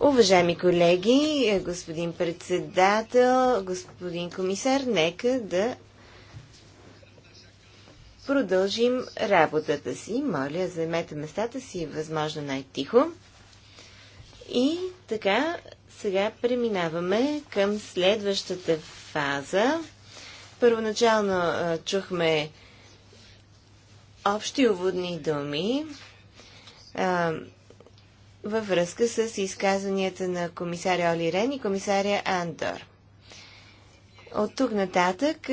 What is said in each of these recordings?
Уважаеми колеги, господин председател, господин комисар, нека да продължим работата си. Моля, займете местата си възможно най-тихо. И така, сега преминаваме към следващата фаза. Първоначално чухме общи уводни думи а, във връзка с изказванията на комисаря Оли Рен и комисаря Андор. От тук нататък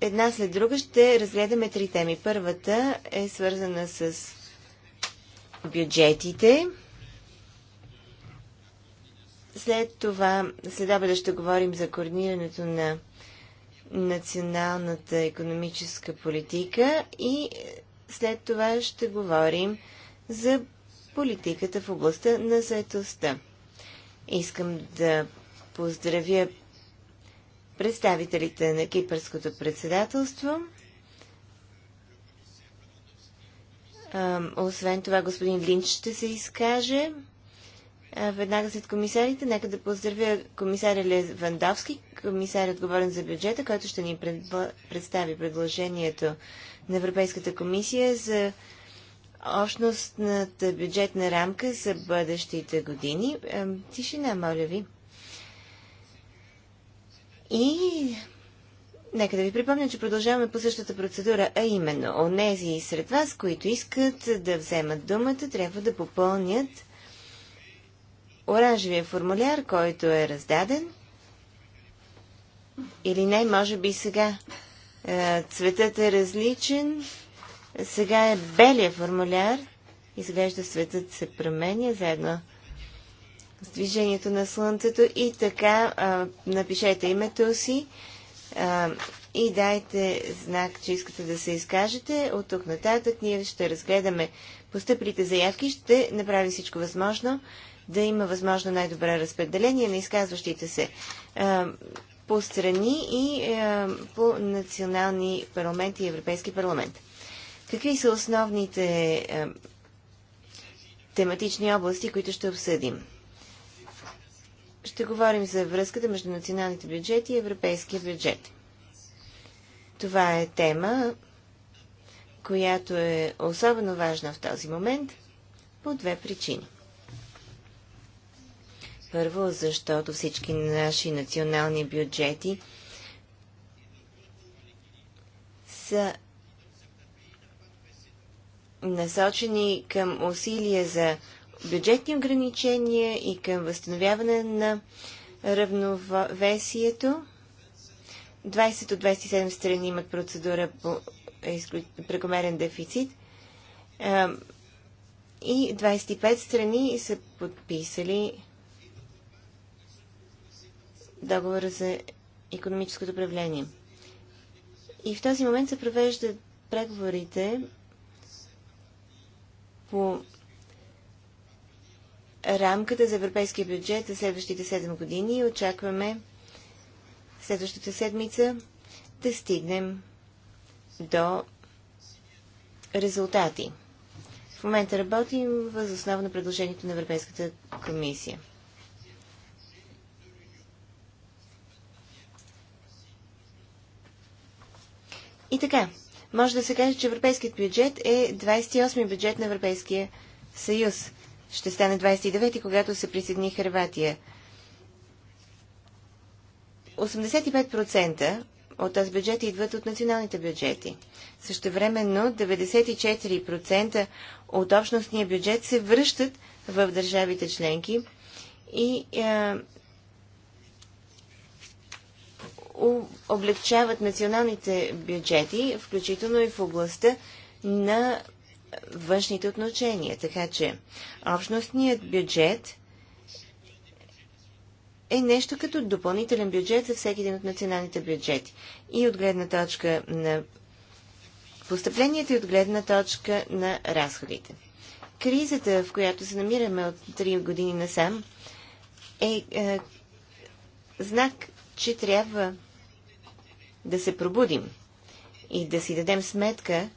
една след друга ще разгледаме три теми. Първата е свързана с бюджетите. След това, след обеда ще говорим за координирането на националната економическа политика и след това ще говорим за политиката в областта на заетостта. Искам да поздравя представителите на Кипърското председателство. освен това, господин Линч ще се изкаже. веднага след комисарите, нека да поздравя комисаря Левандовски, комисар отговорен за бюджета, който ще ни представи предложението на Европейската комисия за общностната бюджетна рамка за бъдещите години. Е, тишина, моля ви. И нека да ви припомня, че продължаваме по същата процедура, а именно, онези сред вас, които искат да вземат думата, трябва да попълнят оранжевия формуляр, който е раздаден. Или не, може би сега. Е, цветът е различен. Сега е белия формуляр. Изглежда светът се променя заедно с движението на Слънцето. И така а, напишете името си а, и дайте знак, че искате да се изкажете. От тук нататък ние ще разгледаме постъпилите заявки. Ще направим всичко възможно да има възможно най-добре разпределение на изказващите се а, по страни и а, по национални парламенти и Европейски парламент. Какви са основните е, тематични области, които ще обсъдим? Ще говорим за връзката между националните бюджети и европейския бюджет. Това е тема, която е особено важна в този момент по две причини. Първо, защото всички наши национални бюджети са насочени към усилия за бюджетни ограничения и към възстановяване на равновесието. 20 от 27 страни имат процедура по прекомерен дефицит и 25 страни са подписали договора за економическото управление. И в този момент се провеждат преговорите по рамката за европейския бюджет за следващите 7 години и очакваме следващата седмица да стигнем до резултати. В момента работим въз основа на предложението на Европейската комисия. И така, може да се каже, че европейският бюджет е 28-ми бюджет на Европейския съюз. Ще стане 29-ти, когато се присъедини Хрватия. 85% от този бюджет идват от националните бюджети. Също Същевременно 94% от общностния бюджет се връщат в държавите членки и е, облегчават националните бюджети, включително и в областта на външните отношения. Така че общностният бюджет е нещо като допълнителен бюджет за всеки един от националните бюджети. И от гледна точка на постъпленията и от гледна точка на разходите. Кризата, в която се намираме от 3 години насам, е, е знак, че трябва да се пробудим и да си дадем сметка,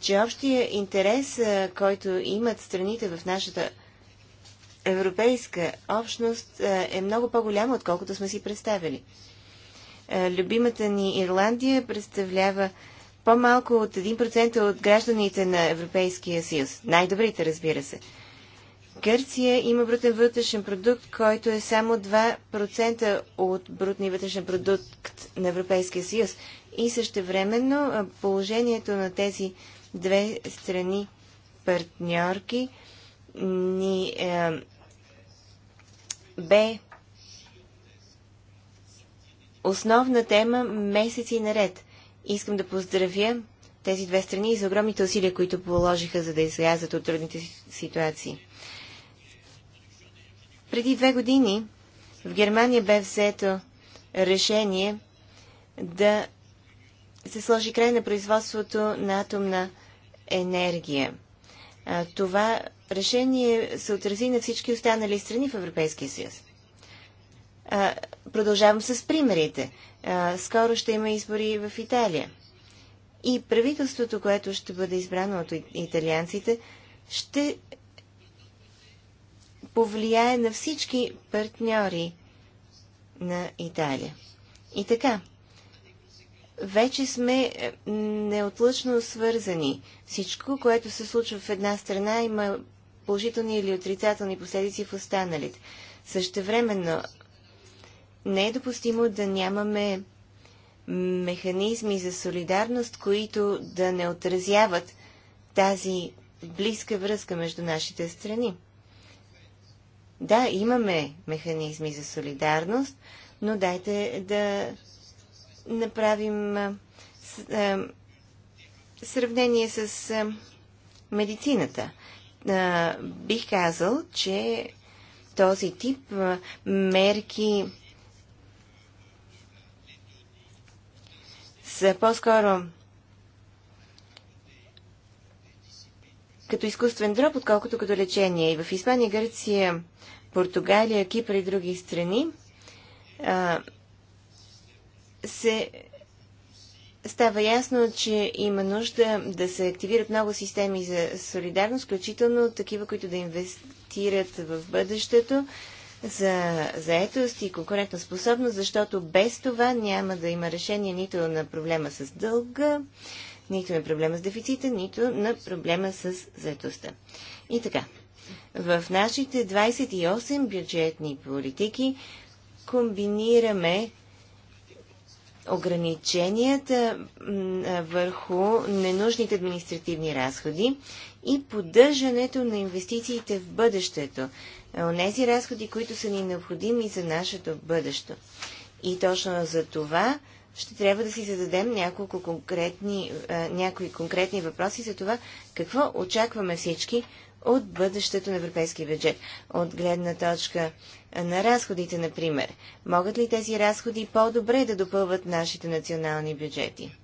че общия интерес, който имат страните в нашата европейска общност, е много по-голям, отколкото сме си представили. Любимата ни Ирландия представлява по-малко от 1% от гражданите на Европейския съюз. Най-добрите, разбира се. Гърция има брутен вътрешен продукт, който е само 2% от брутния вътрешен продукт на Европейския съюз. И същевременно положението на тези две страни партньорки ни е, бе основна тема месеци наред. Искам да поздравя тези две страни и за огромните усилия, които положиха, за да излязат от трудните ситуации. Преди две години в Германия бе взето решение да се сложи край на производството на атомна енергия. Това решение се отрази на всички останали страни в Европейския съюз. Продължавам с примерите. Скоро ще има избори в Италия. И правителството, което ще бъде избрано от италианците, ще повлияе на всички партньори на Италия. И така, вече сме е, неотлъчно свързани. Всичко, което се случва в една страна, има положителни или отрицателни последици в останалите. Същевременно не е допустимо да нямаме механизми за солидарност, които да не отразяват тази близка връзка между нашите страни. Да, имаме механизми за солидарност, но дайте да направим сравнение с медицината. Бих казал, че този тип мерки са по-скоро като изкуствен дроб, отколкото като лечение. И в Испания, Гърция, Португалия, Кипър и други страни а, се става ясно, че има нужда да се активират много системи за солидарност, включително такива, които да инвестират в бъдещето за заетост и конкурентна способност, защото без това няма да има решение нито на проблема с дълга, нито на проблема с дефицита, нито на проблема с заедостта. И така, в нашите 28 бюджетни политики комбинираме ограниченията върху ненужните административни разходи и поддържането на инвестициите в бъдещето. Онези разходи, които са ни необходими за нашето бъдеще. И точно за това ще трябва да си зададем няколко конкретни, а, е, някои конкретни въпроси за това какво очакваме всички от бъдещето на европейски бюджет. От гледна точка на разходите, например. Могат ли тези разходи по-добре да допълват нашите национални бюджети?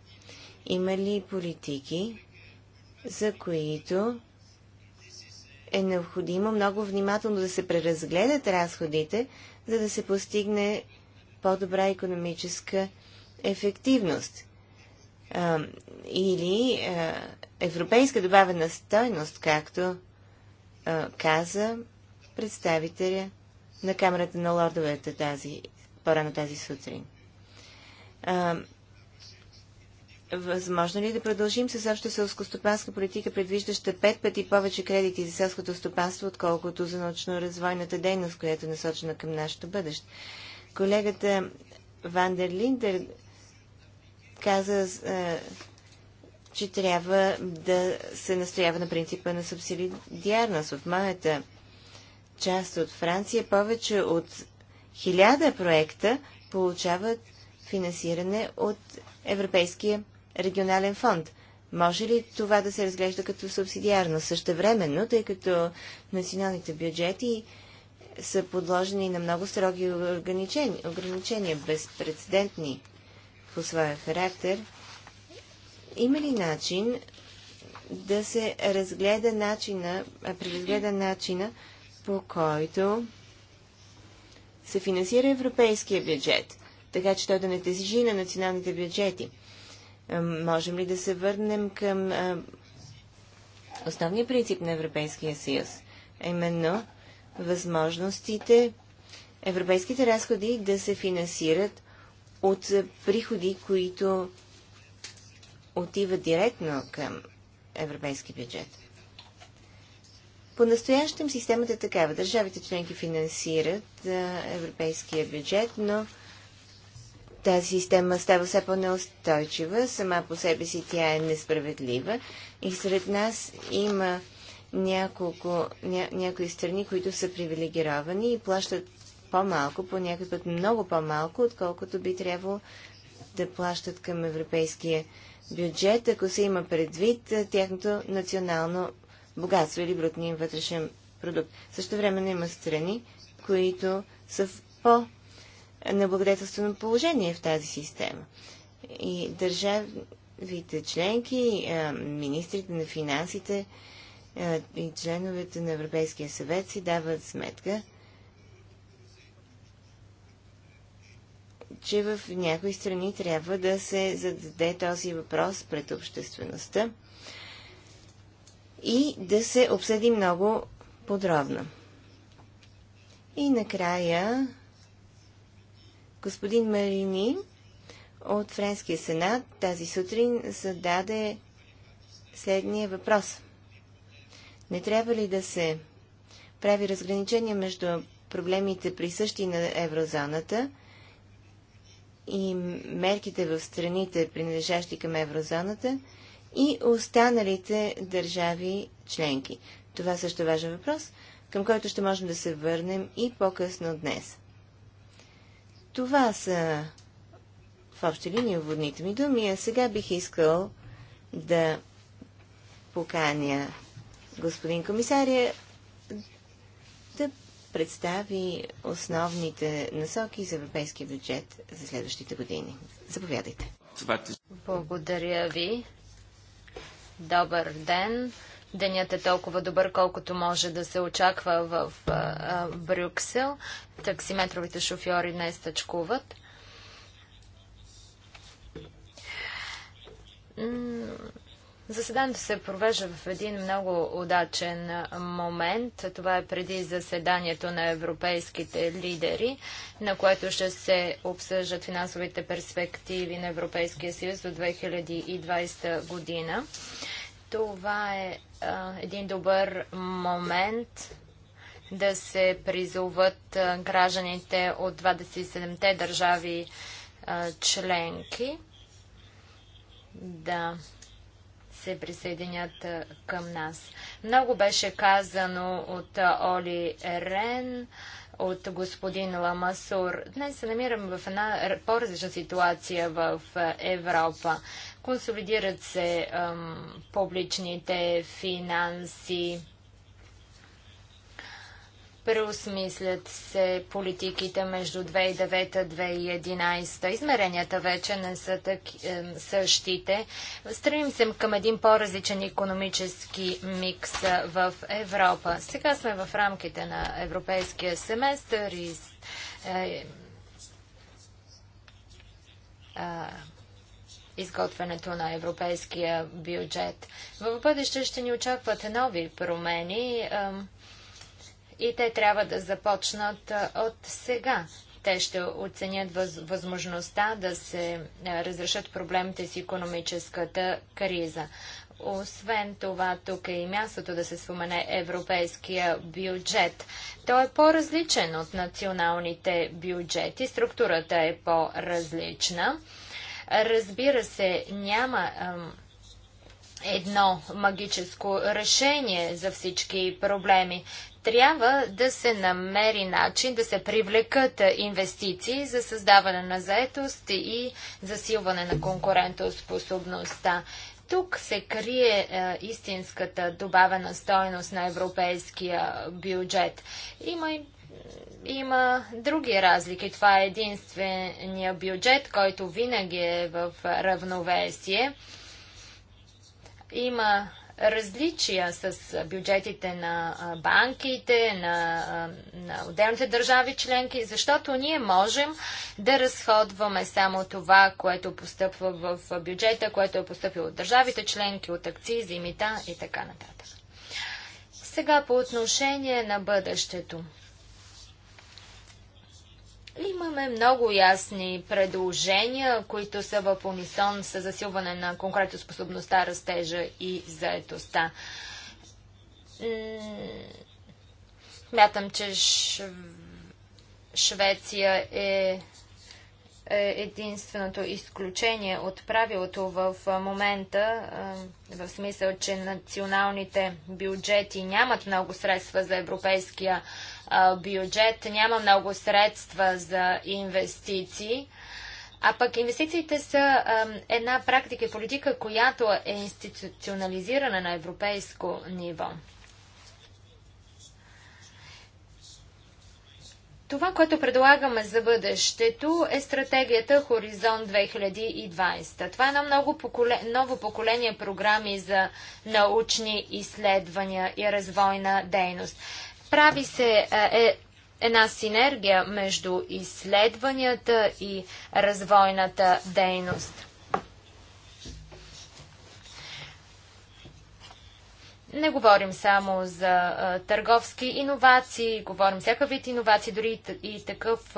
Има ли политики, за които е необходимо много внимателно да се преразгледат разходите, за да се постигне по-добра економическа ефективност а, или а, европейска добавена стойност, както а, каза представителя на Камерата на лордовете тази, по-рано тази сутрин. А, Възможно ли е да продължим с обща селско-стопанска политика, предвиждаща пет пъти повече кредити за селското стопанство, отколкото за научно-развойната дейност, която е насочена към нашето бъдеще? Колегата Вандер Линдер каза, е, че трябва да се настоява на принципа на субсидиарност. В моята част от Франция повече от хиляда проекта получават финансиране от Европейския регионален фонд. Може ли това да се разглежда като субсидиарно? Същевременно, тъй като националните бюджети са подложени на много строги ограничения, ограничения безпредседентни по своя характер, има ли начин да се разгледа начина, преразгледа начина, по който се финансира европейския бюджет, така че той да не тежи на националните бюджети. Можем ли да се върнем към основния принцип на Европейския съюз, а именно възможностите европейските разходи да се финансират от приходи, които отиват директно към европейски бюджет. По-настоящем системата е такава. Държавите членки финансират европейския бюджет, но тази система става все по-неустойчива. Сама по себе си тя е несправедлива. И сред нас има няколко, ня, някои страни, които са привилегировани и плащат по-малко, по някакъв път много по-малко, отколкото би трябвало да плащат към европейския бюджет, ако се има предвид тяхното национално богатство или брутния вътрешен продукт. Също време има страни, които са в по- неблагодетелствено положение в тази система. И държавите членки, министрите на финансите и членовете на Европейския съвет си дават сметка, че в някои страни трябва да се зададе този въпрос пред обществеността и да се обсъди много подробно. И накрая господин Марини от Френския сенат тази сутрин зададе следния въпрос. Не трябва ли да се прави разграничение между проблемите присъщи на еврозоната и мерките в страните, принадлежащи към еврозоната и останалите държави членки. Това също е важен въпрос, към който ще можем да се върнем и по-късно днес. Това са в общи линии уводните ми думи, а сега бих искал да поканя господин комисария представи основните насоки за европейския бюджет за следващите години. Заповядайте. Благодаря ви. Добър ден. Денят е толкова добър, колкото може да се очаква в а, Брюксел. Таксиметровите шофьори днес тъчкуват. Заседанието се провежда в един много удачен момент. Това е преди заседанието на европейските лидери, на което ще се обсъждат финансовите перспективи на Европейския съюз до 2020 година. Това е а, един добър момент да се призоват гражданите от 27-те държави а, членки да се присъединят към нас. Много беше казано от Оли Рен, от господин Ламасур. Днес се намираме в една по-различна ситуация в Европа. Консолидират се ам, публичните финанси, Преосмислят се политиките между 2009-2011. Измеренията вече не са так, е, същите. Стремим се към един по-различен економически микс е, в Европа. Сега сме в рамките на европейския семестър и е, е, изготвянето на европейския бюджет. В бъдеще ще ни очакват нови промени. Е, и те трябва да започнат от сега. Те ще оценят възможността да се разрешат проблемите с економическата криза. Освен това, тук е и мястото да се спомене европейския бюджет. Той е по-различен от националните бюджети, структурата е по-различна. Разбира се, няма едно магическо решение за всички проблеми. Трябва да се намери начин да се привлекат инвестиции за създаване на заетост и засилване на конкурентоспособността. Тук се крие е, истинската добавена стоеност на европейския бюджет. Има и има други разлики. Това е единствения бюджет, който винаги е в равновесие. Има различия с бюджетите на банките, на, на отделните държави членки, защото ние можем да разходваме само това, което постъпва в бюджета, което е постъпило от държавите членки, от акцизи, мита и така нататък. Сега по отношение на бъдещето. Имаме много ясни предложения, които са в унисон с засилване на способността, растежа и заетостта. Мятам, че Швеция е е единственото изключение от правилото в момента, в смисъл, че националните бюджети нямат много средства за европейския бюджет, няма много средства за инвестиции. А пък инвестициите са една практика и политика, която е институционализирана на европейско ниво. Това, което предлагаме за бъдещето е стратегията Хоризонт 2020. Това е едно много поколе... ново поколение програми за научни изследвания и развойна дейност. Прави се е, е една синергия между изследванията и развойната дейност. Не говорим само за а, търговски иновации, говорим всяка вид иновации, дори и, и такъв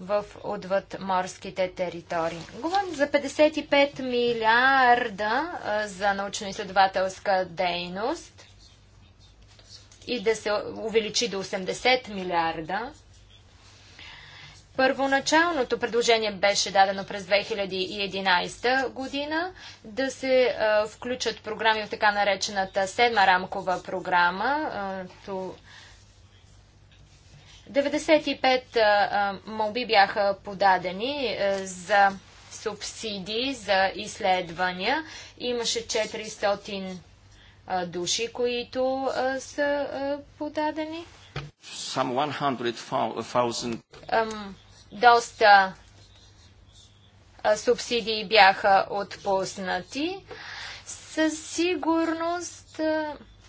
в отвъд морските територии. Говорим за 55 милиарда а, за научно-изследователска дейност и да се увеличи до 80 милиарда. Първоначалното предложение беше дадено през 2011 година да се включат програми в така наречената седма рамкова програма. 95 молби бяха подадени за субсидии за изследвания. Имаше 400 души, които са подадени. Um, доста субсидии бяха отпуснати. Със сигурност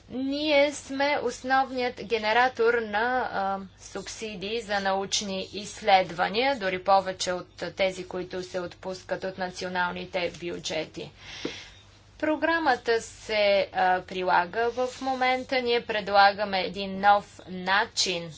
ние сме основният генератор на а, субсидии за научни изследвания, дори повече от тези, които се отпускат от националните бюджети. Програмата се а, прилага в момента. Ние предлагаме един нов начин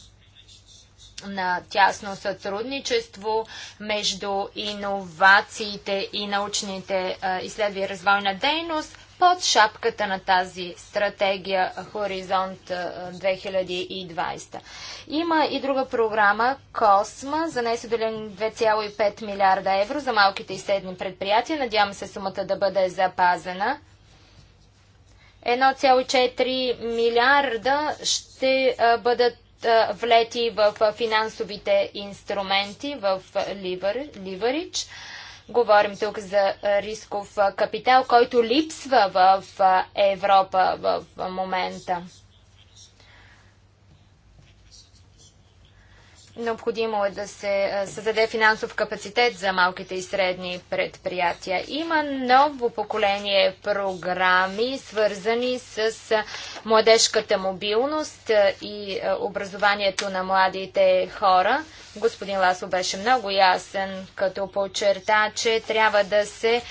на тясно сътрудничество между иновациите и научните изследвания и развойна дейност под шапката на тази стратегия Хоризонт 2020. Има и друга програма Косма за неседолен 2,5 милиарда евро за малките и средни предприятия. Надявам се сумата да бъде запазена. 1,4 милиарда ще бъдат влети в финансовите инструменти в ливарич. Говорим тук за рисков капитал, който липсва в Европа в момента. Необходимо е да се създаде финансов капацитет за малките и средни предприятия. Има ново поколение програми, свързани с младежката мобилност и образованието на младите хора. Господин Ласо беше много ясен, като подчерта, че трябва да се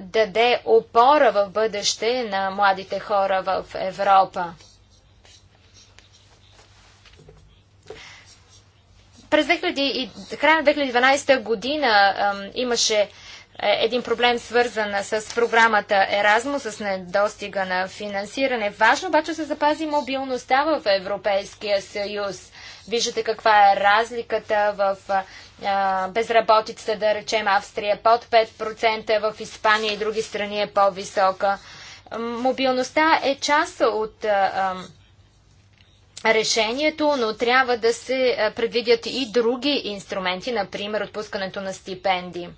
даде опора в бъдеще на младите хора в Европа. През 2000, края на 2012 година имаше е, един проблем свързан с програмата Erasmus, с недостига на финансиране. Важно обаче се запази мобилността в Европейския съюз. Виждате каква е разликата в безработицата, да речем Австрия е под 5%, в Испания и други страни е по-висока. Мобилността е част от а, решението, но трябва да се е, предвидят и други инструменти, например отпускането на стипенди.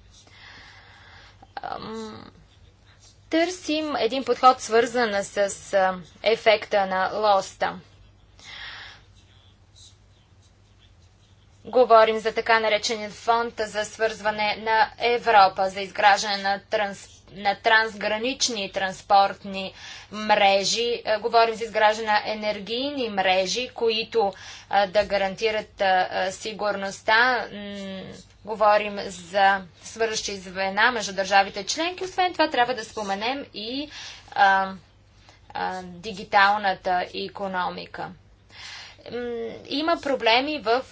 Търсим един подход свързан с е, ефекта на лоста. Говорим за така наречен фонд за свързване на Европа, за изграждане на, транс, на трансгранични транспортни мрежи. Е, говорим за изграждане на енергийни мрежи, които е, да гарантират е, сигурността. Говорим за свързващи звена между държавите членки. Освен това трябва да споменем и а, дигиталната економика. Има проблеми в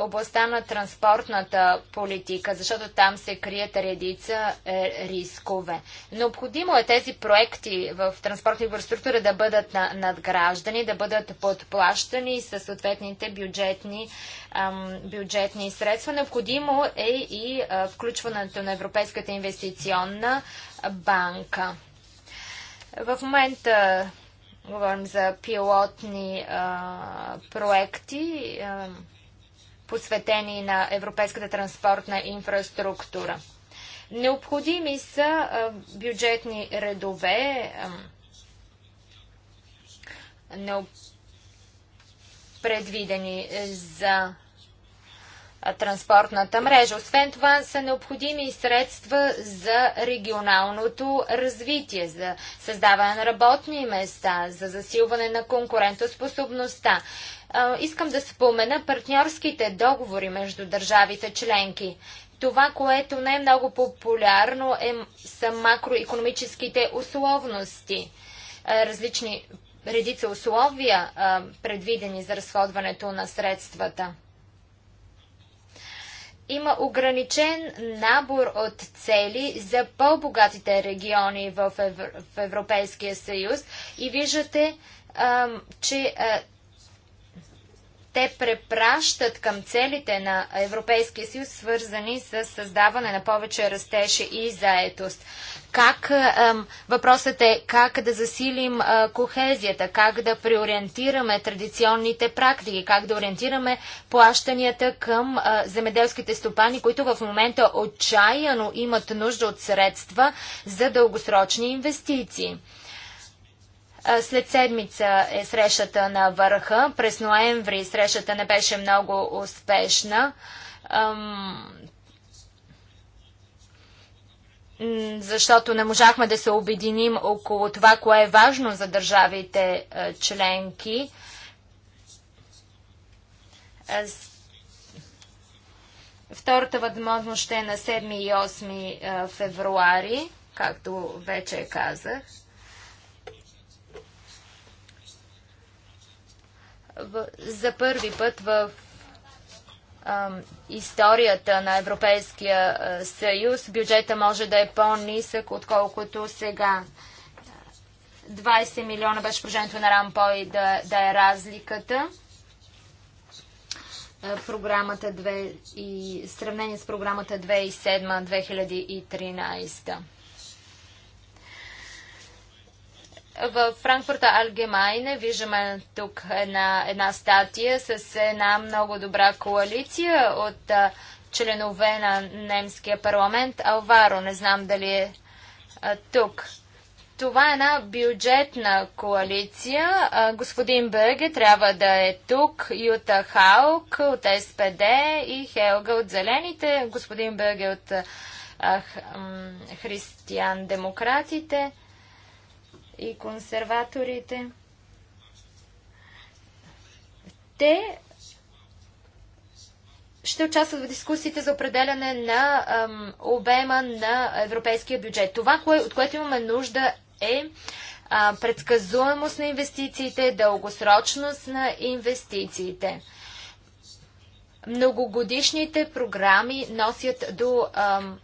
областта на транспортната политика, защото там се крият редица е, рискове. Необходимо е тези проекти в транспортна инфраструктура да бъдат надграждани, да бъдат подплащани с съответните бюджетни, бюджетни средства. Необходимо е и включването на Европейската инвестиционна банка. В момента Говорим за пилотни а, проекти, а, посветени на европейската транспортна инфраструктура. Необходими са а, бюджетни редове. А, предвидени за транспортната мрежа. Освен това са необходими и средства за регионалното развитие, за създаване на работни места, за засилване на конкурентоспособността. Искам да спомена партньорските договори между държавите членки. Това, което не е много популярно, е, са макроекономическите условности. Различни редица условия, предвидени за разходването на средствата има ограничен набор от цели за по-богатите региони в, в Европейския съюз и виждате, че те препращат към целите на Европейския съюз, свързани с създаване на повече растеж и заетост. Как, ем, въпросът е как да засилим е, кохезията, как да преориентираме традиционните практики, как да ориентираме плащанията към е, земеделските стопани, които в момента отчаяно имат нужда от средства за дългосрочни инвестиции. След седмица е срещата на върха. През ноември срещата не беше много успешна, защото не можахме да се обединим около това, кое е важно за държавите членки. Втората възможност ще е на 7 и 8 февруари, както вече казах. в, за първи път в а, историята на Европейския съюз бюджета може да е по-нисък, отколкото сега. 20 милиона беше проженето на Рампой да, да е разликата. Програмата 2 и сравнение с програмата 2007-2013. В Франкфурта Алгемайне виждаме тук една, една статия с една много добра коалиция от а, членове на немския парламент. Алваро, не знам дали е а, тук. Това е една бюджетна коалиция. А, господин Бърге трябва да е тук, Юта Халк от СПД и Хелга от Зелените, господин Бърге от християн-демократите и консерваторите. Те ще участват в дискусиите за определяне на ам, обема на европейския бюджет. Това, кое, от което имаме нужда е а, предсказуемост на инвестициите, дългосрочност на инвестициите. Многогодишните програми носят до ам,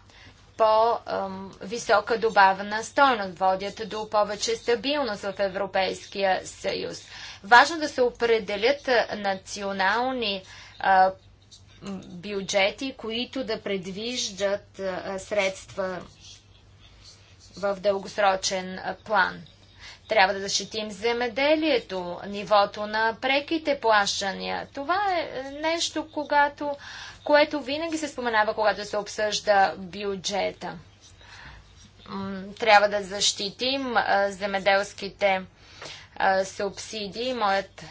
по-висока добавена стойност, водят до повече стабилност в Европейския съюз. Важно да се определят национални бюджети, които да предвиждат средства в дългосрочен план. Трябва да защитим земеделието, нивото на преките плащания. Това е нещо, когато, което винаги се споменава, когато се обсъжда бюджета. Трябва да защитим земеделските субсидии. Моят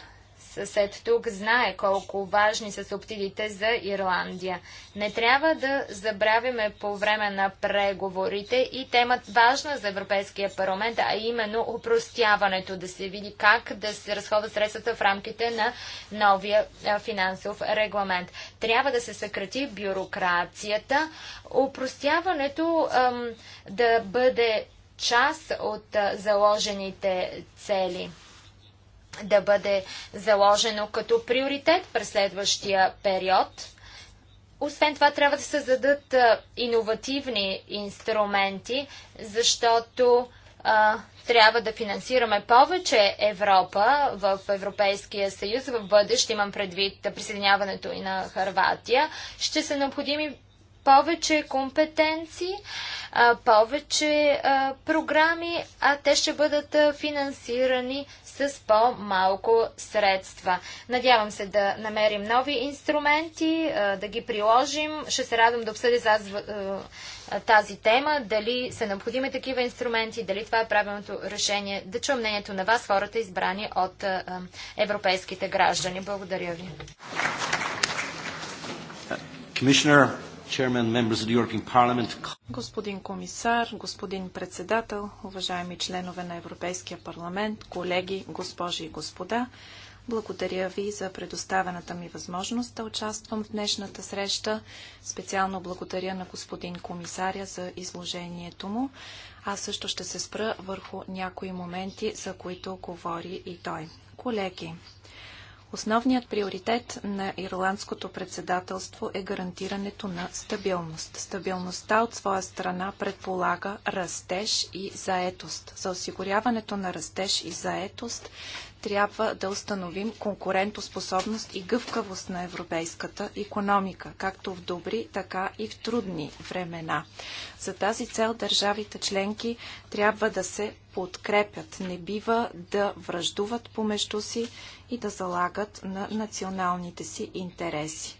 съсед тук знае колко важни са субсидиите за Ирландия. Не трябва да забравяме по време на преговорите и тема важна за Европейския парламент, а именно упростяването, да се види как да се разходят средствата в рамките на новия финансов регламент. Трябва да се съкрати бюрокрацията, упростяването ам, да бъде част от заложените цели да бъде заложено като приоритет през следващия период. Освен това, трябва да се зададат иновативни инструменти, защото а, трябва да финансираме повече Европа в Европейския съюз. В бъдеще имам предвид присъединяването и на Харватия. Ще са необходими повече компетенции, повече програми, а те ще бъдат финансирани с по-малко средства. Надявам се да намерим нови инструменти, да ги приложим. Ще се радвам да обсъдя за тази тема, дали са необходими такива инструменти, дали това е правилното решение. Да чуем мнението на вас, хората избрани от европейските граждани. Благодаря ви. Commissioner, Господин комисар, господин председател, уважаеми членове на Европейския парламент, колеги, госпожи и господа, благодаря ви за предоставената ми възможност да участвам в днешната среща. Специално благодаря на господин комисаря за изложението му. Аз също ще се спра върху някои моменти, за които говори и той. Колеги, Основният приоритет на ирландското председателство е гарантирането на стабилност. Стабилността от своя страна предполага растеж и заетост. За осигуряването на растеж и заетост трябва да установим конкурентоспособност и гъвкавост на европейската економика, както в добри, така и в трудни времена. За тази цел държавите членки трябва да се подкрепят, не бива да връждуват помежду си и да залагат на националните си интереси.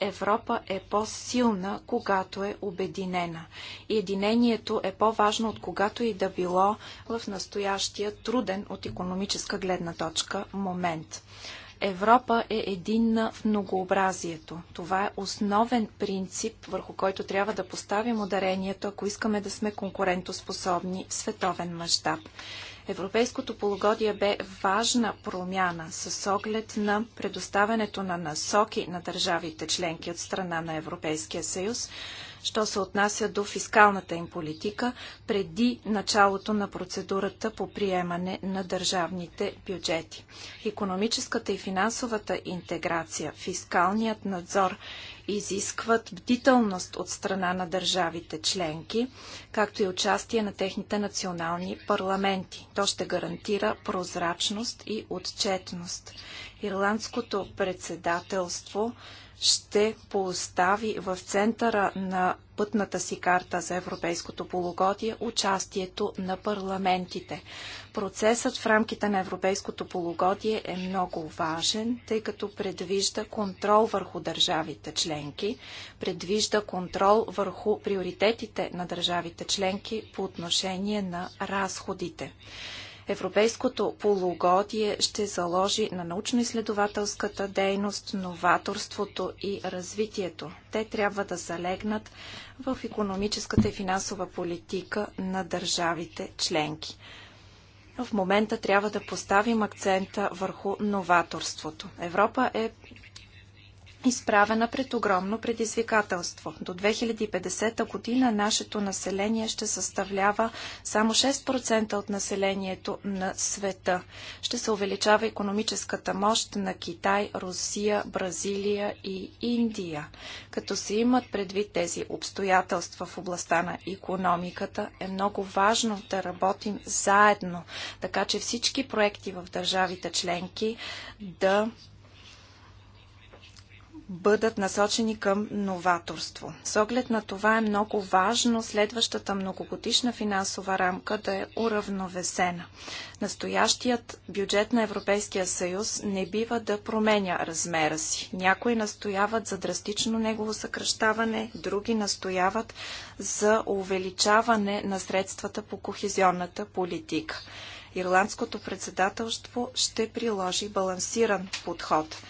Европа е по-силна, когато е обединена. И единението е по-важно от когато и да било в настоящия труден от економическа гледна точка момент. Европа е единна в многообразието. Това е основен принцип, върху който трябва да поставим ударението, ако искаме да сме конкурентоспособни в световен мащаб. Европейското полугодие бе важна промяна с оглед на предоставянето на насоки на държавите членки от страна на Европейския съюз що се отнася до фискалната им политика преди началото на процедурата по приемане на държавните бюджети. Економическата и финансовата интеграция, фискалният надзор изискват бдителност от страна на държавите членки, както и участие на техните национални парламенти. То ще гарантира прозрачност и отчетност. Ирландското председателство ще постави в центъра на пътната си карта за европейското полугодие участието на парламентите. Процесът в рамките на европейското полугодие е много важен, тъй като предвижда контрол върху държавите членки, предвижда контрол върху приоритетите на държавите членки по отношение на разходите. Европейското полугодие ще заложи на научно-изследователската дейност, новаторството и развитието. Те трябва да залегнат в економическата и финансова политика на държавите членки. В момента трябва да поставим акцента върху новаторството. Европа е изправена пред огромно предизвикателство. До 2050 година нашето население ще съставлява само 6% от населението на света. Ще се увеличава економическата мощ на Китай, Русия, Бразилия и Индия. Като се имат предвид тези обстоятелства в областта на економиката, е много важно да работим заедно, така че всички проекти в държавите членки да бъдат насочени към новаторство. С оглед на това е много важно следващата многогодишна финансова рамка да е уравновесена. Настоящият бюджет на Европейския съюз не бива да променя размера си. Някои настояват за драстично негово съкръщаване, други настояват за увеличаване на средствата по кохезионната политика. Ирландското председателство ще приложи балансиран подход –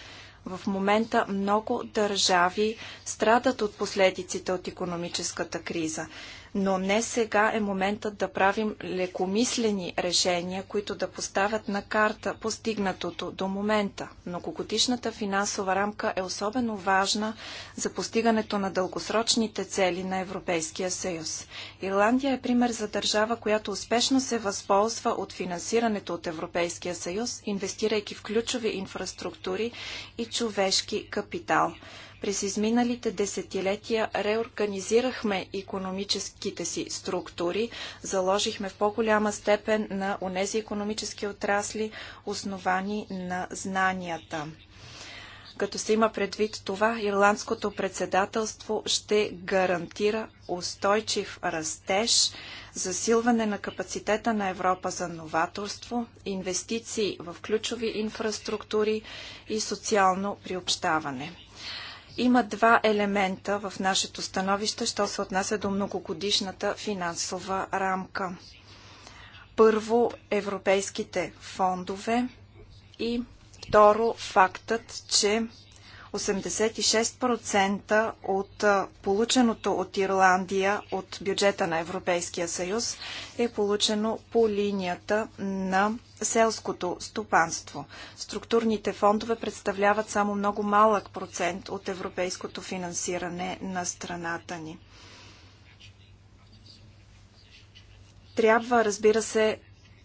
в момента много държави страдат от последиците от економическата криза но не сега е моментът да правим лекомислени решения, които да поставят на карта постигнатото до момента. Многогодишната финансова рамка е особено важна за постигането на дългосрочните цели на Европейския съюз. Ирландия е пример за държава, която успешно се възползва от финансирането от Европейския съюз, инвестирайки в ключови инфраструктури и човешки капитал. През изминалите десетилетия реорганизирахме економическите си структури, заложихме в по-голяма степен на онези економически отрасли, основани на знанията. Като се има предвид това, ирландското председателство ще гарантира устойчив растеж, засилване на капацитета на Европа за новаторство, инвестиции в ключови инфраструктури и социално приобщаване. Има два елемента в нашето становище, що се отнася до многогодишната финансова рамка. Първо, европейските фондове и второ, фактът, че 86% от полученото от Ирландия от бюджета на Европейския съюз е получено по линията на селското стопанство. Структурните фондове представляват само много малък процент от европейското финансиране на страната ни. Трябва, разбира се,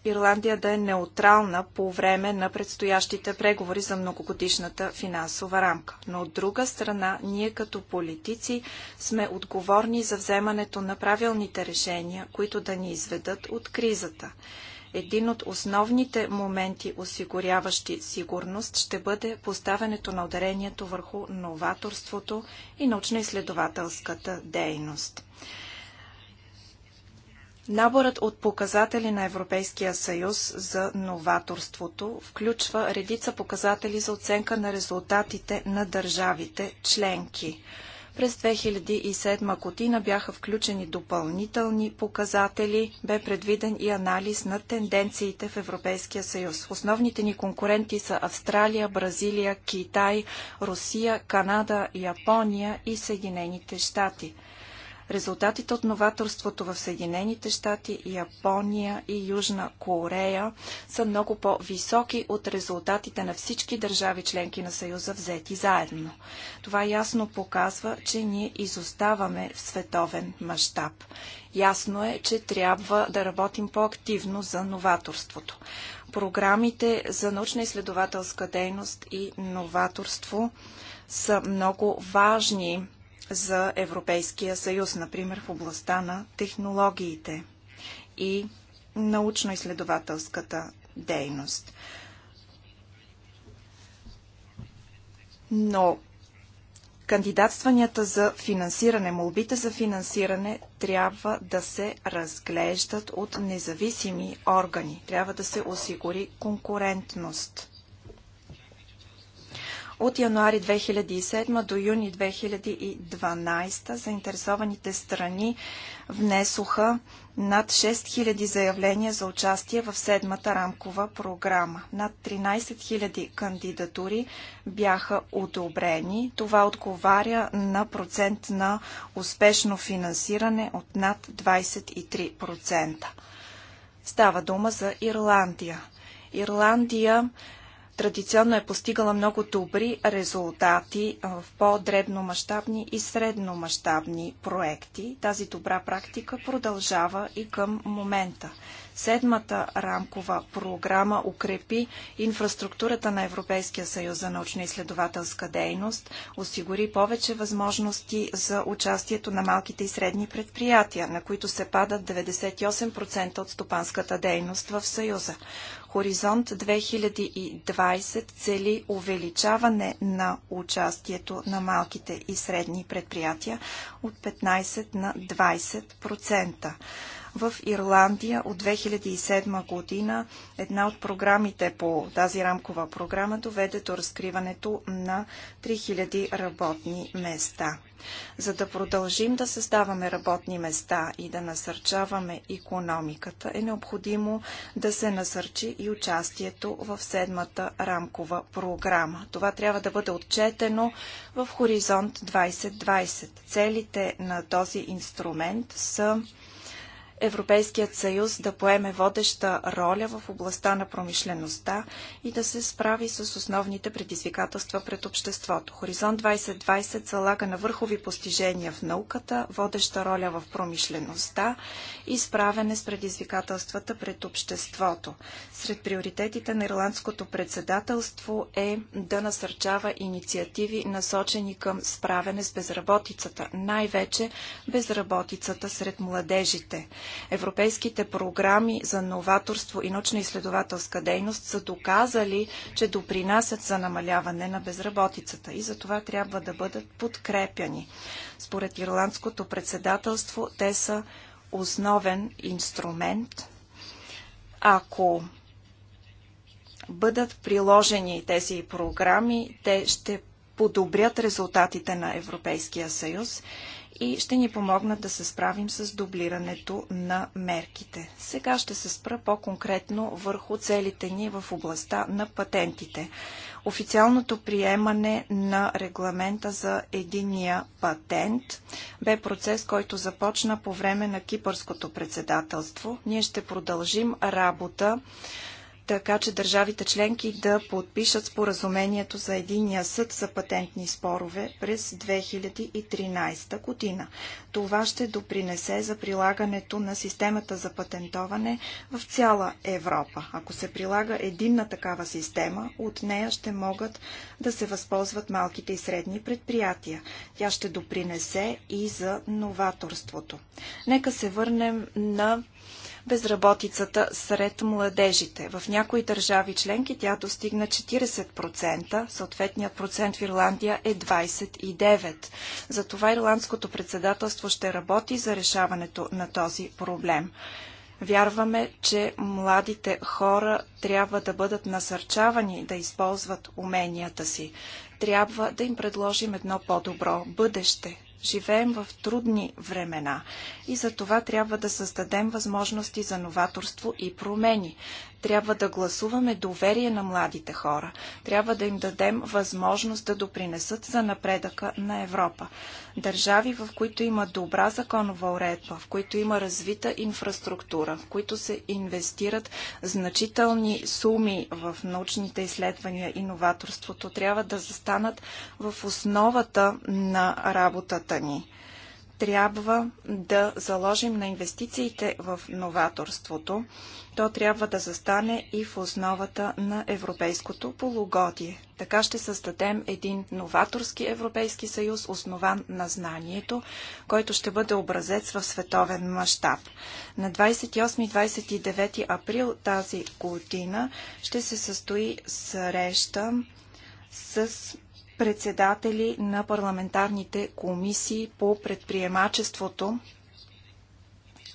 Ирландия да е неутрална по време на предстоящите преговори за многогодишната финансова рамка. Но от друга страна, ние като политици сме отговорни за вземането на правилните решения, които да ни изведат от кризата. Един от основните моменти, осигуряващи сигурност, ще бъде поставянето на ударението върху новаторството и научно-изследователската дейност. Наборът от показатели на Европейския съюз за новаторството включва редица показатели за оценка на резултатите на държавите членки. През 2007 година бяха включени допълнителни показатели, бе предвиден и анализ на тенденциите в Европейския съюз. Основните ни конкуренти са Австралия, Бразилия, Китай, Русия, Канада, Япония и Съединените щати. Резултатите от новаторството в Съединените щати, Япония и Южна Корея са много по-високи от резултатите на всички държави членки на Съюза взети заедно. Това ясно показва, че ние изоставаме в световен мащаб. Ясно е, че трябва да работим по-активно за новаторството. Програмите за научна-изследователска дейност и новаторство са много важни за Европейския съюз, например в областта на технологиите и научно-изследователската дейност. Но кандидатстванията за финансиране, молбите за финансиране трябва да се разглеждат от независими органи. Трябва да се осигури конкурентност. От януари 2007 до юни 2012 заинтересованите страни внесоха над 6000 заявления за участие в седмата рамкова програма. Над 13 000 кандидатури бяха одобрени. Това отговаря на процент на успешно финансиране от над 23%. Става дума за Ирландия. Ирландия традиционно е постигала много добри резултати в по-дребномащабни и средномащабни проекти. Тази добра практика продължава и към момента. Седмата рамкова програма укрепи инфраструктурата на Европейския съюз за научно-изследователска дейност, осигури повече възможности за участието на малките и средни предприятия, на които се падат 98% от стопанската дейност в Съюза. Хоризонт 2020 цели увеличаване на участието на малките и средни предприятия от 15 на 20%. В Ирландия от 2007 година една от програмите по тази рамкова програма доведе до разкриването на 3000 работни места. За да продължим да създаваме работни места и да насърчаваме економиката, е необходимо да се насърчи и участието в седмата рамкова програма. Това трябва да бъде отчетено в Хоризонт 2020. Целите на този инструмент са Европейският съюз да поеме водеща роля в областта на промишлеността и да се справи с основните предизвикателства пред обществото. Хоризонт 2020 залага на върхови постижения в науката, водеща роля в промишлеността и справяне с предизвикателствата пред обществото. Сред приоритетите на ирландското председателство е да насърчава инициативи насочени към справяне с безработицата, най-вече безработицата сред младежите. Европейските програми за новаторство и научно-изследователска дейност са доказали, че допринасят за намаляване на безработицата и за това трябва да бъдат подкрепяни. Според Ирландското председателство те са основен инструмент. Ако бъдат приложени тези програми, те ще подобрят резултатите на Европейския съюз и ще ни помогнат да се справим с дублирането на мерките. Сега ще се спра по-конкретно върху целите ни в областта на патентите. Официалното приемане на регламента за единия патент бе процес, който започна по време на кипърското председателство. Ние ще продължим работа така че държавите членки да подпишат споразумението за единия съд за патентни спорове през 2013 година. Това ще допринесе за прилагането на системата за патентоване в цяла Европа. Ако се прилага единна такава система, от нея ще могат да се възползват малките и средни предприятия. Тя ще допринесе и за новаторството. Нека се върнем на безработицата сред младежите. В някои държави членки тя достигна 40%, съответният процент в Ирландия е 29%. Затова ирландското председателство ще работи за решаването на този проблем. Вярваме, че младите хора трябва да бъдат насърчавани да използват уменията си. Трябва да им предложим едно по-добро бъдеще. Живеем в трудни времена и за това трябва да създадем възможности за новаторство и промени. Трябва да гласуваме доверие на младите хора. Трябва да им дадем възможност да допринесат за напредъка на Европа. Държави, в които има добра законова уредба, в които има развита инфраструктура, в които се инвестират значителни суми в научните изследвания и новаторството, трябва да застанат в основата на работата страната ни. Трябва да заложим на инвестициите в новаторството. То трябва да застане и в основата на европейското полугодие. Така ще създадем един новаторски Европейски съюз, основан на знанието, който ще бъде образец в световен мащаб. На 28 29 април тази година ще се състои среща с председатели на парламентарните комисии по предприемачеството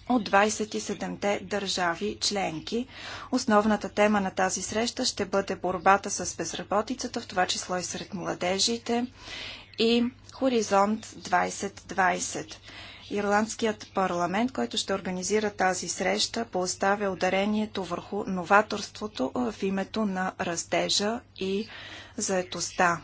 от 27-те държави членки. Основната тема на тази среща ще бъде борбата с безработицата, в това число и сред младежите и Хоризонт 2020. Ирландският парламент, който ще организира тази среща, поставя ударението върху новаторството в името на растежа и заетостта.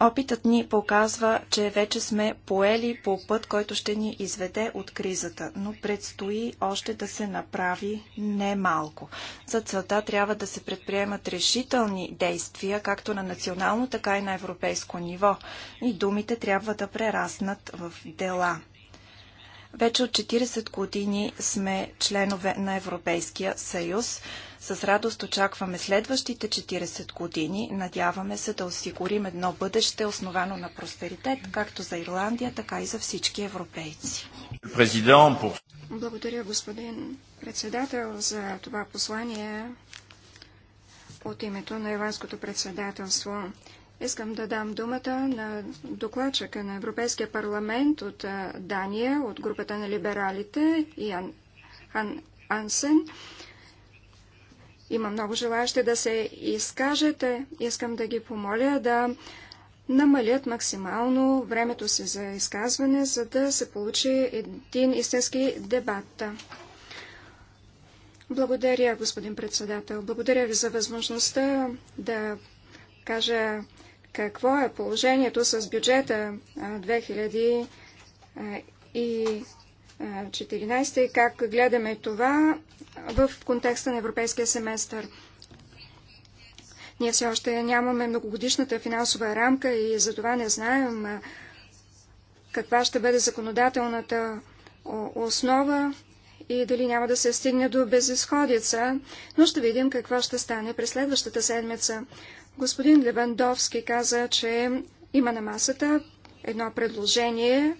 Опитът ни показва, че вече сме поели по път, който ще ни изведе от кризата, но предстои още да се направи немалко. За целта трябва да се предприемат решителни действия, както на национално, така и на европейско ниво. И думите трябва да прераснат в дела. Вече от 40 години сме членове на Европейския съюз. С радост очакваме следващите 40 години. Надяваме се да осигурим едно бъдеще, основано на просперитет, както за Ирландия, така и за всички европейци. Благодаря, господин председател, за това послание от името на Ирландското председателство. Искам да дам думата на докладчика на Европейския парламент от Дания, от групата на либералите, Ян Ан Ансен. Има много желаящи да се изкажете. Искам да ги помоля да намалят максимално времето си за изказване, за да се получи един истински дебат. Благодаря, господин председател. Благодаря ви за възможността да кажа какво е положението с бюджета 2014 и как гледаме това в контекста на европейския семестър? Ние все още нямаме многогодишната финансова рамка и затова не знаем каква ще бъде законодателната основа и дали няма да се стигне до безисходица, но ще видим какво ще стане през следващата седмица. Господин Левандовски каза, че има на масата едно предложение,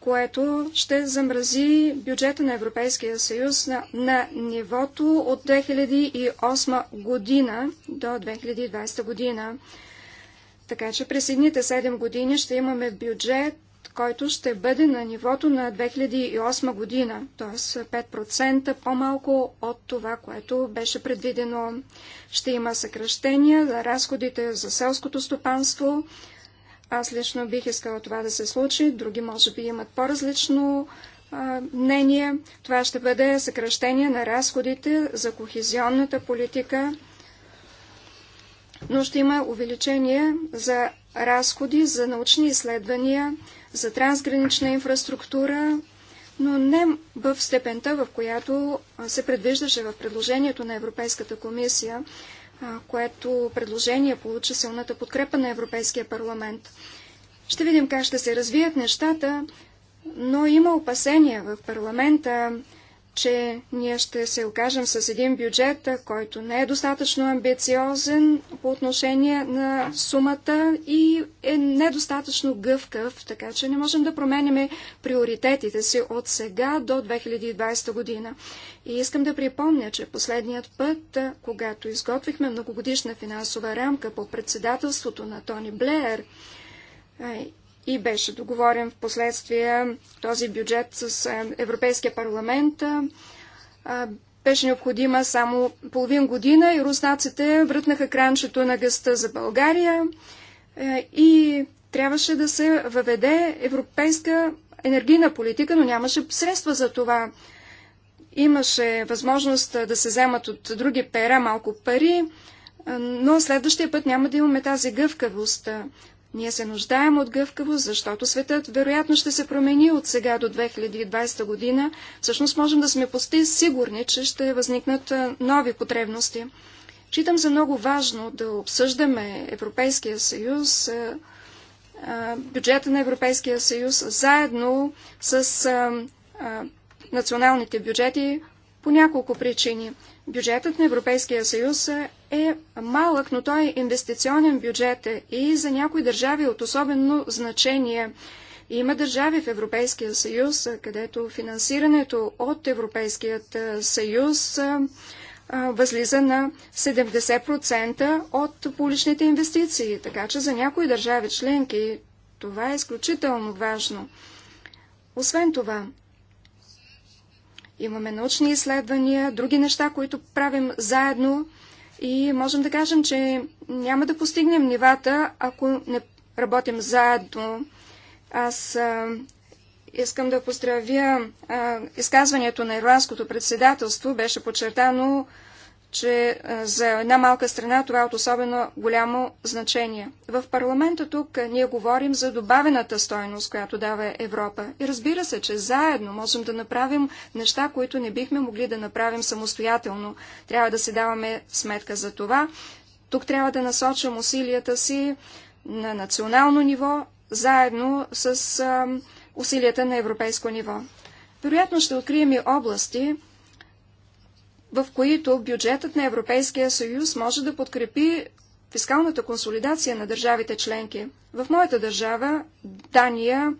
което ще замрази бюджета на Европейския съюз на, на нивото от 2008 година до 2020 година. Така че през едните 7 години ще имаме бюджет който ще бъде на нивото на 2008 година, т.е. 5% по-малко от това, което беше предвидено. Ще има съкръщения за разходите за селското стопанство. Аз лично бих искала това да се случи, други може би имат по-различно мнение. Това ще бъде съкръщение на разходите за кохезионната политика, но ще има увеличение за разходи за научни изследвания, за трансгранична инфраструктура, но не в степента, в която се предвиждаше в предложението на Европейската комисия, което предложение получи силната подкрепа на Европейския парламент. Ще видим как ще се развият нещата, но има опасения в парламента че ние ще се окажем с един бюджет, който не е достатъчно амбициозен по отношение на сумата и е недостатъчно гъвкав, така че не можем да променяме приоритетите си от сега до 2020 година. И искам да припомня, че последният път, когато изготвихме многогодишна финансова рамка по председателството на Тони Блеер, и беше договорен в последствие този бюджет с е, Европейския парламент. Беше необходима само половин година и руснаците врътнаха кранчето на гъста за България е, и трябваше да се въведе европейска енергийна политика, но нямаше средства за това. Имаше възможност да се вземат от други пера малко пари, но следващия път няма да имаме тази гъвкавост. Ние се нуждаем от гъвкавост, защото светът вероятно ще се промени от сега до 2020 година. Всъщност можем да сме почти сигурни, че ще възникнат нови потребности. Читам за много важно да обсъждаме Европейския съюз, бюджета на Европейския съюз, заедно с националните бюджети по няколко причини. Бюджетът на Европейския съюз е малък, но той е инвестиционен бюджет и за някои държави е от особено значение. Има държави в Европейския съюз, където финансирането от Европейският съюз възлиза на 70% от публичните инвестиции. Така че за някои държави членки това е изключително важно. Освен това, Имаме научни изследвания, други неща, които правим заедно и можем да кажем, че няма да постигнем нивата, ако не работим заедно. Аз а, искам да поздравя а, изказването на ирландското председателство. Беше подчертано че за една малка страна това е от особено голямо значение. В парламента тук ние говорим за добавената стойност, която дава Европа. И разбира се, че заедно можем да направим неща, които не бихме могли да направим самостоятелно. Трябва да си даваме сметка за това. Тук трябва да насочим усилията си на национално ниво, заедно с усилията на европейско ниво. Вероятно ще открием и области, в които бюджетът на Европейския съюз може да подкрепи фискалната консолидация на държавите членки. В моята държава, Дания,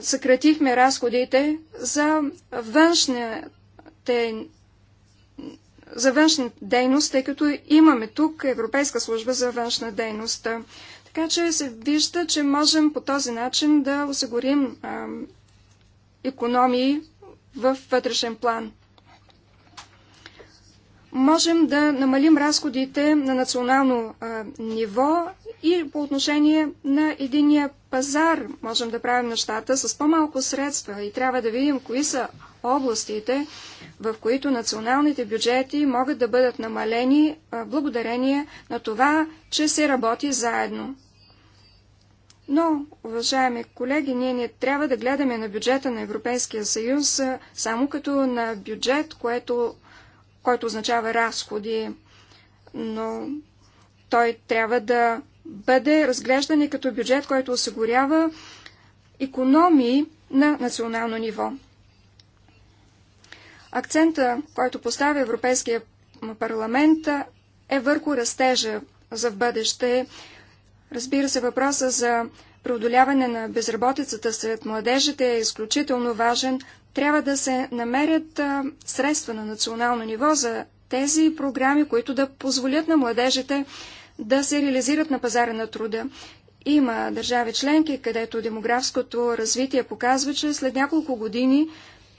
съкратихме разходите за външните за външна дейност, тъй като имаме тук Европейска служба за външна дейност. Така че се вижда, че можем по този начин да осигурим а, економии в вътрешен план можем да намалим разходите на национално а, ниво и по отношение на единия пазар можем да правим нещата с по-малко средства и трябва да видим кои са областите, в които националните бюджети могат да бъдат намалени а, благодарение на това, че се работи заедно. Но, уважаеми колеги, ние не трябва да гледаме на бюджета на Европейския съюз само като на бюджет, което който означава разходи, но той трябва да бъде разглеждан и като бюджет, който осигурява економии на национално ниво. Акцента, който поставя Европейския парламент е върху растежа за в бъдеще. Разбира се, въпроса за преодоляване на безработицата сред младежите е изключително важен, трябва да се намерят средства на национално ниво за тези програми, които да позволят на младежите да се реализират на пазара на труда. Има държави членки, където демографското развитие показва, че след няколко години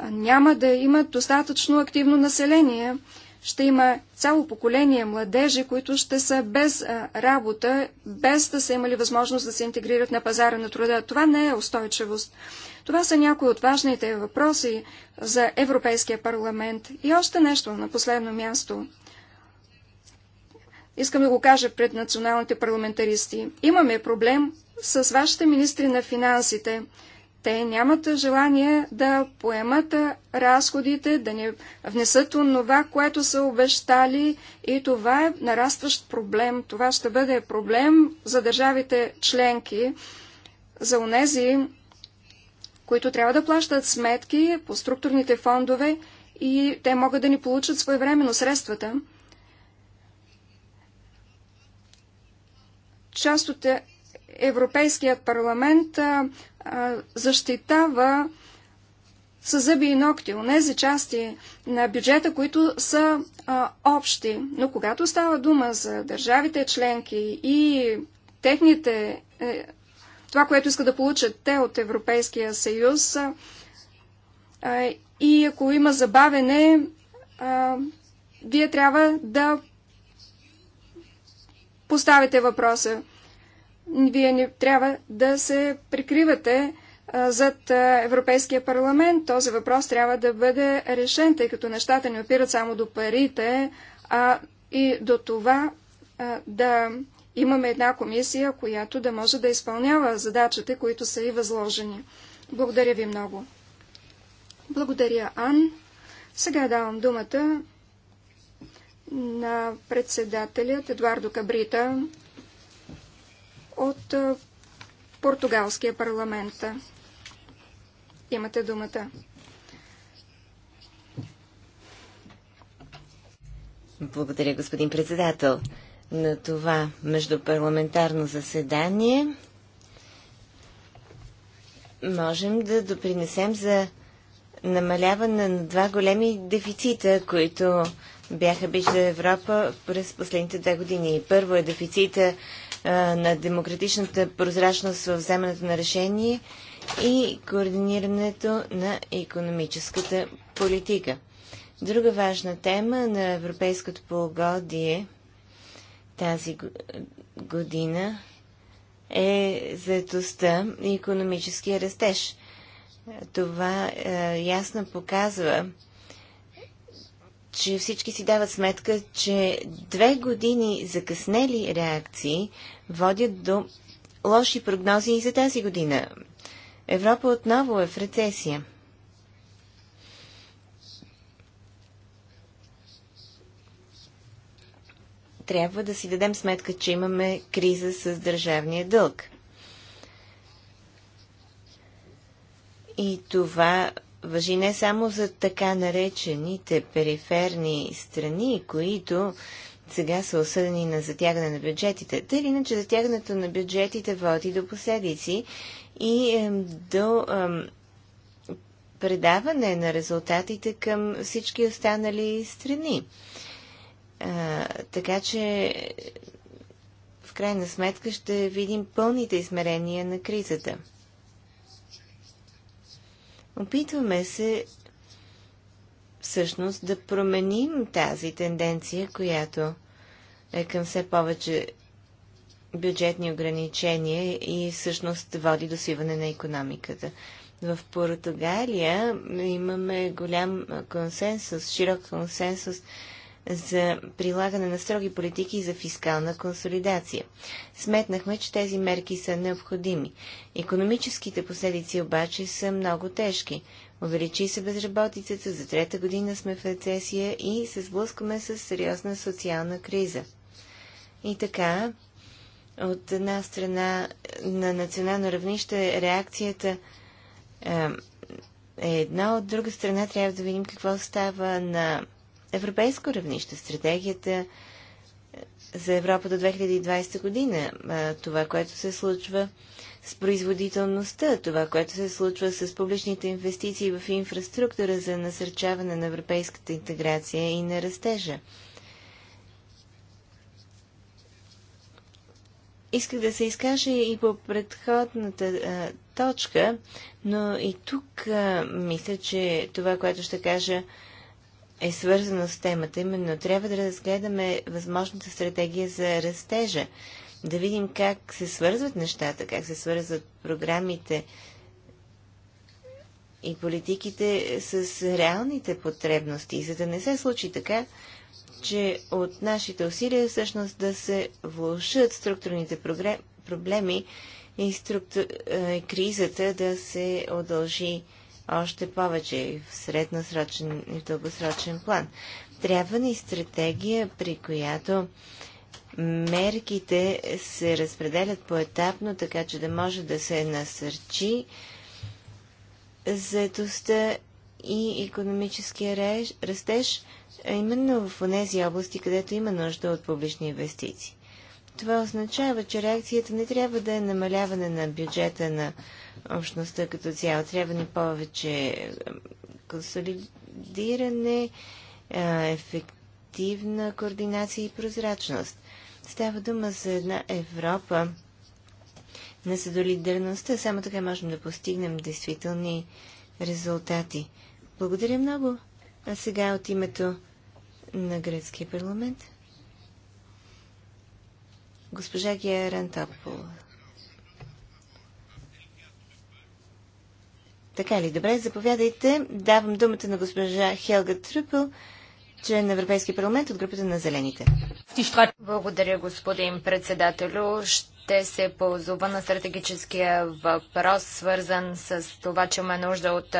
няма да имат достатъчно активно население ще има цяло поколение младежи, които ще са без а, работа, без да са имали възможност да се интегрират на пазара на труда. Това не е устойчивост. Това са някои от важните въпроси за Европейския парламент. И още нещо на последно място. Искам да го кажа пред националните парламентаристи. Имаме проблем с вашите министри на финансите. Те нямат желание да поемат разходите, да не внесат онова, което са обещали и това е нарастващ проблем. Това ще бъде проблем за държавите членки, за унези, които трябва да плащат сметки по структурните фондове и те могат да ни получат своевременно средствата. Част от Европейският парламент а, а, защитава с зъби и ногти, онези части на бюджета, които са а, общи. Но когато става дума за държавите членки и техните, е, това, което искат да получат те от Европейския съюз, а, а, и ако има забавене, а, вие трябва да поставите въпроса вие не трябва да се прикривате зад Европейския парламент. Този въпрос трябва да бъде решен, тъй като нещата не опират само до парите, а и до това да имаме една комисия, която да може да изпълнява задачите, които са и възложени. Благодаря ви много. Благодаря, Ан. Сега давам думата на председателят Едуардо Кабрита от португалския парламент. Имате думата. Благодаря, господин председател, на това междупарламентарно заседание. Можем да допринесем за намаляване на два големи дефицита, които бяха бич за Европа през последните две години. Първо е дефицита на демократичната прозрачност в вземането на решение и координирането на економическата политика. Друга важна тема на Европейското полугодие тази година е заетостта и економическия растеж. Това е, ясно показва, че всички си дават сметка, че две години закъснели реакции водят до лоши прогнози и за тази година. Европа отново е в рецесия. Трябва да си дадем сметка, че имаме криза с държавния дълг. И това въжи не само за така наречените периферни страни, които сега са осъдени на затягане на бюджетите. Тъй или иначе затягането на бюджетите води до последици и до предаване на резултатите към всички останали страни. така че в крайна сметка ще видим пълните измерения на кризата. Опитваме се всъщност да променим тази тенденция, която е към все повече бюджетни ограничения и всъщност води до свиване на економиката. В Португалия имаме голям консенсус, широк консенсус за прилагане на строги политики за фискална консолидация. Сметнахме, че тези мерки са необходими. Економическите последици обаче са много тежки. Увеличи се безработицата, за трета година сме в рецесия и се сблъскаме с сериозна социална криза. И така, от една страна на национално равнище реакцията е една, от друга страна трябва да видим какво става на европейско равнище, стратегията е, за Европа до 2020 година, е, това, което се случва с производителността, това, което се случва с публичните инвестиции в инфраструктура за насърчаване на европейската интеграция и на растежа. Исках да се изкаже и по предходната а, е, точка, но и тук а, мисля, че това, което ще кажа, е свързано с темата. Именно трябва да разгледаме възможната стратегия за растежа. Да видим как се свързват нещата, как се свързват програмите и политиките с реалните потребности, за да не се случи така, че от нашите усилия всъщност да се влушат структурните проблеми и структу... Е, кризата да се удължи още повече и в средносрочен и в дългосрочен план. Трябва ни стратегия, при която мерките се разпределят поетапно, така че да може да се насърчи заетостта и економическия растеж, именно в тези области, където има нужда от публични инвестиции. Това означава, че реакцията не трябва да е намаляване на бюджета на общността като цяло. Трябва ни повече консолидиране, ефективна координация и прозрачност. Става дума за една Европа на солидарността. Само така можем да постигнем действителни резултати. Благодаря много. А сега от името на гръцкия парламент. Госпожа Герантопол. Така ли? Добре, заповядайте. Давам думата на госпожа Хелга Трупел, член на Европейския парламент от групата на Зелените. Благодаря, господин председателю. Ще се ползува на стратегическия въпрос, свързан с това, че има нужда от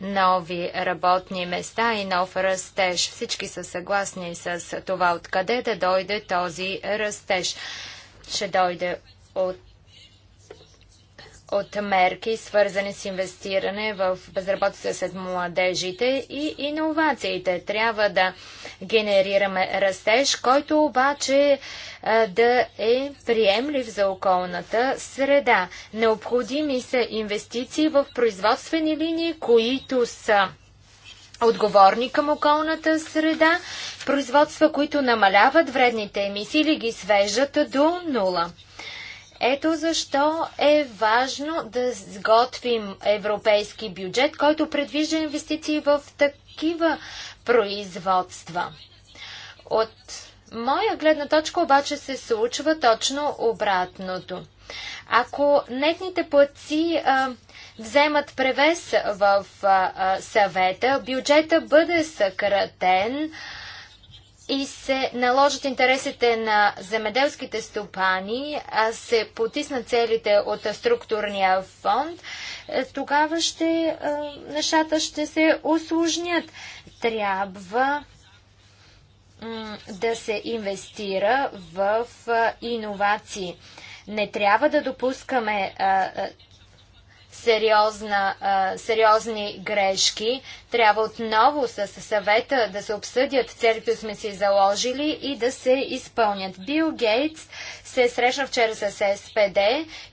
нови работни места и нов растеж. Всички са съгласни с това, откъде да дойде този растеж ще дойде от от мерки, свързани с инвестиране в безработица сред младежите и иновациите. Трябва да генерираме растеж, който обаче да е приемлив за околната среда. Необходими са инвестиции в производствени линии, които са отговорни към околната среда, производства, които намаляват вредните емисии или ги свежат до нула. Ето защо е важно да сготвим европейски бюджет, който предвижда инвестиции в такива производства. От моя гледна точка обаче се случва точно обратното. Ако нетните платци а, вземат превес в съвета, бюджета бъде съкратен и се наложат интересите на земеделските стопани, а се потиснат целите от структурния фонд, е, тогава ще, нещата ще се осложнят. Трябва да се инвестира в иновации. Не трябва да допускаме сериозна, сериозни грешки. Трябва отново с съвета да се обсъдят цели, които сме си заложили и да се изпълнят. Бил Гейтс се срещна вчера с СПД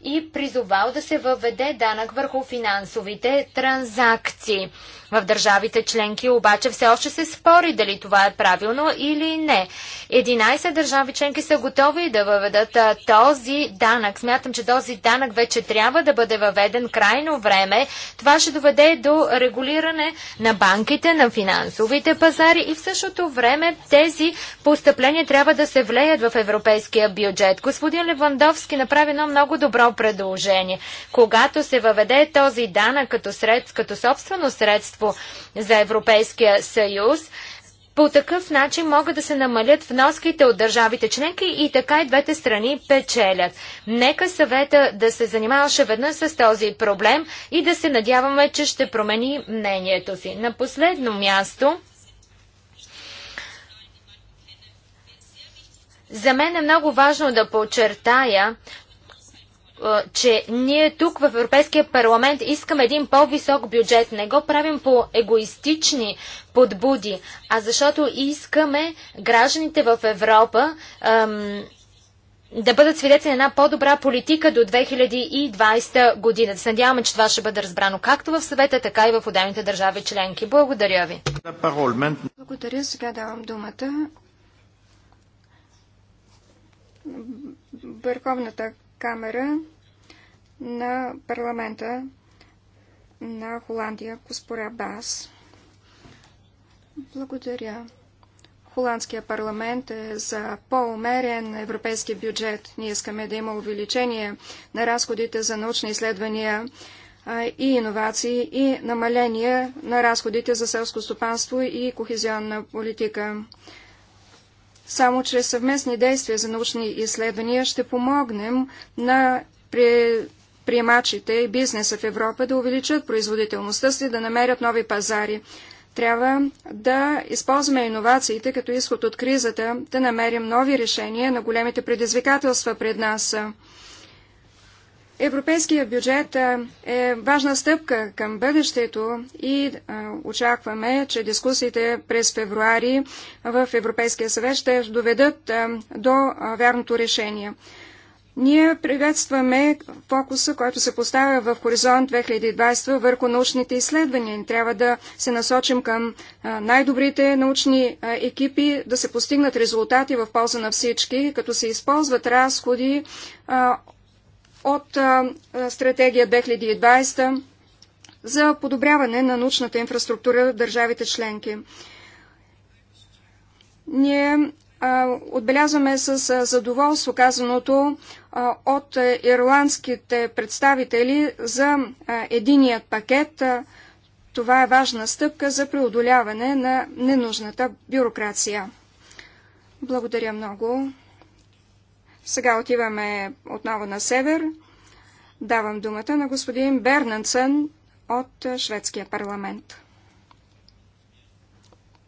и призовал да се въведе данък върху финансовите транзакции. В държавите членки обаче все още се спори дали това е правилно или не. 11 държави членки са готови да въведат този данък. Смятам, че този данък вече трябва да бъде въведен крайно време. Това ще доведе до регулиране на банките, на финансовите пазари и в същото време тези постъпления трябва да се влеят в европейския бюджет. Господин Левандовски направи едно много добро предложение. Когато се въведе този данък като, сред, като собствено средство, гражданство за Европейския съюз. По такъв начин могат да се намалят вноските от държавите членки и така и двете страни печелят. Нека съвета да се занимава още веднъж с този проблем и да се надяваме, че ще промени мнението си. На последно място, за мен е много важно да подчертая, че ние тук в Европейския парламент искаме един по-висок бюджет. Не го правим по егоистични подбуди, а защото искаме гражданите в Европа ем, да бъдат свидетели на една по-добра политика до 2020 година. Да се надяваме, че това ще бъде разбрано както в съвета, така и в отделните държави членки. Благодаря ви. Благодаря. Сега давам думата. Върховната камера на парламента на Холандия, Коспоря Бас. Благодаря. Холандския парламент е за по-умерен европейски бюджет. Ние искаме да има увеличение на разходите за научни изследвания и иновации и намаление на разходите за селско стопанство и кохезионна политика. Само чрез съвместни действия за научни изследвания ще помогнем на приемачите и бизнеса в Европа да увеличат производителността си, да намерят нови пазари. Трябва да използваме иновациите като изход от кризата, да намерим нови решения на големите предизвикателства пред нас. Европейския бюджет е важна стъпка към бъдещето и очакваме, че дискусиите през февруари в Европейския съвет ще доведат до вярното решение. Ние приветстваме фокуса, който се поставя в Хоризонт 2020 върху научните изследвания. Трябва да се насочим към най-добрите научни екипи, да се постигнат резултати в полза на всички, като се използват разходи от стратегия 2020 за подобряване на научната инфраструктура в държавите членки. Ние а, отбелязваме с а, задоволство казаното а, от ирландските представители за единият пакет. Това е важна стъпка за преодоляване на ненужната бюрокрация. Благодаря много. Сега отиваме отново на север. Давам думата на господин Бернансън от Шведския парламент.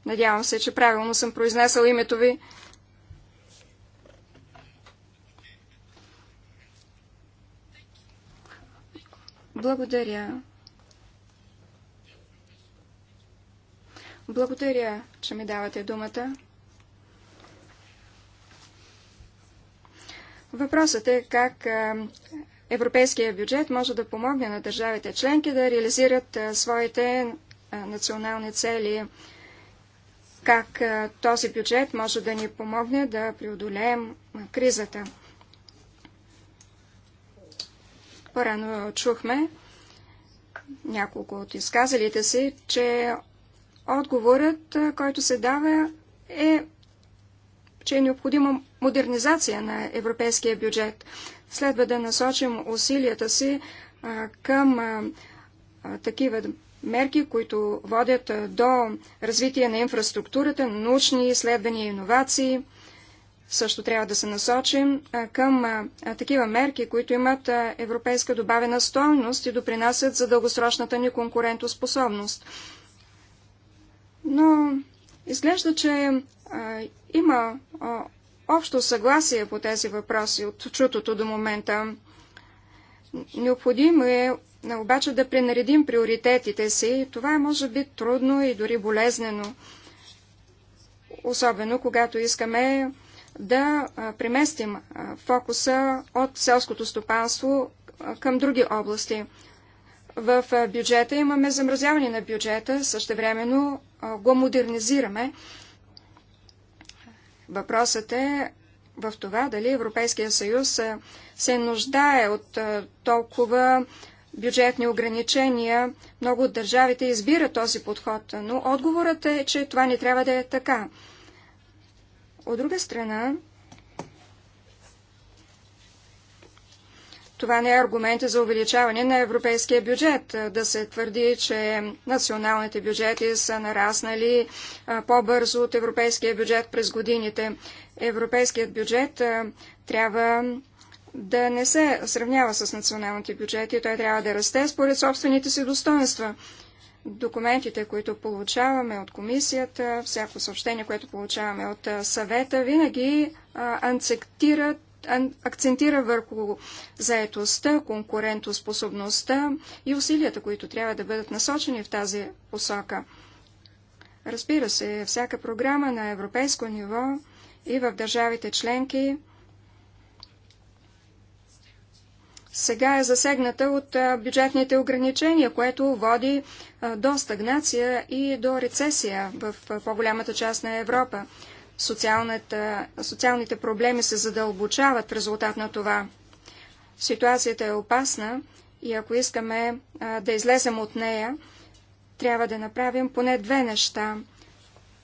Надявам се, че правилно съм произнесъл името ви. Благодаря. Благодаря, че ми давате думата. Въпросът е как европейския бюджет може да помогне на държавите членки да реализират своите национални цели. Как този бюджет може да ни помогне да преодолеем кризата. Порано чухме няколко от изказалите си, че отговорът, който се дава е, че е необходимо модернизация на европейския бюджет. Следва да насочим усилията си към такива мерки, които водят до развитие на инфраструктурата, научни изследвания и иновации. Също трябва да се насочим към такива мерки, които имат европейска добавена стойност и допринасят за дългосрочната ни конкурентоспособност. Но изглежда, че има общо съгласие по тези въпроси от чутото до момента. Необходимо е, е обаче да пренаредим приоритетите си. Това е може би трудно и дори болезнено, особено когато искаме да е, преместим е, фокуса от селското стопанство към други области. В бюджета имаме замразяване на бюджета, същевременно го модернизираме Въпросът е в това дали Европейския съюз се нуждае от толкова бюджетни ограничения. Много от държавите избират този подход, но отговорът е, че това не трябва да е така. От друга страна, Това не е аргумент за увеличаване на европейския бюджет. Е, да се твърди, че националните бюджети са нараснали е, по-бързо от европейския бюджет през годините. Европейският бюджет е, трябва да не се сравнява с националните бюджети. Той трябва да расте според собствените си достоинства. Документите, които получаваме от комисията, всяко съобщение, което получаваме от съвета, винаги анцектират акцентира върху заетостта, конкурентоспособността и усилията, които трябва да бъдат насочени в тази посока. Разбира се, всяка програма на европейско ниво и в държавите членки сега е засегната от бюджетните ограничения, което води до стагнация и до рецесия в по-голямата част на Европа социалните проблеми се задълбочават в резултат на това. Ситуацията е опасна и ако искаме а, да излезем от нея, трябва да направим поне две неща.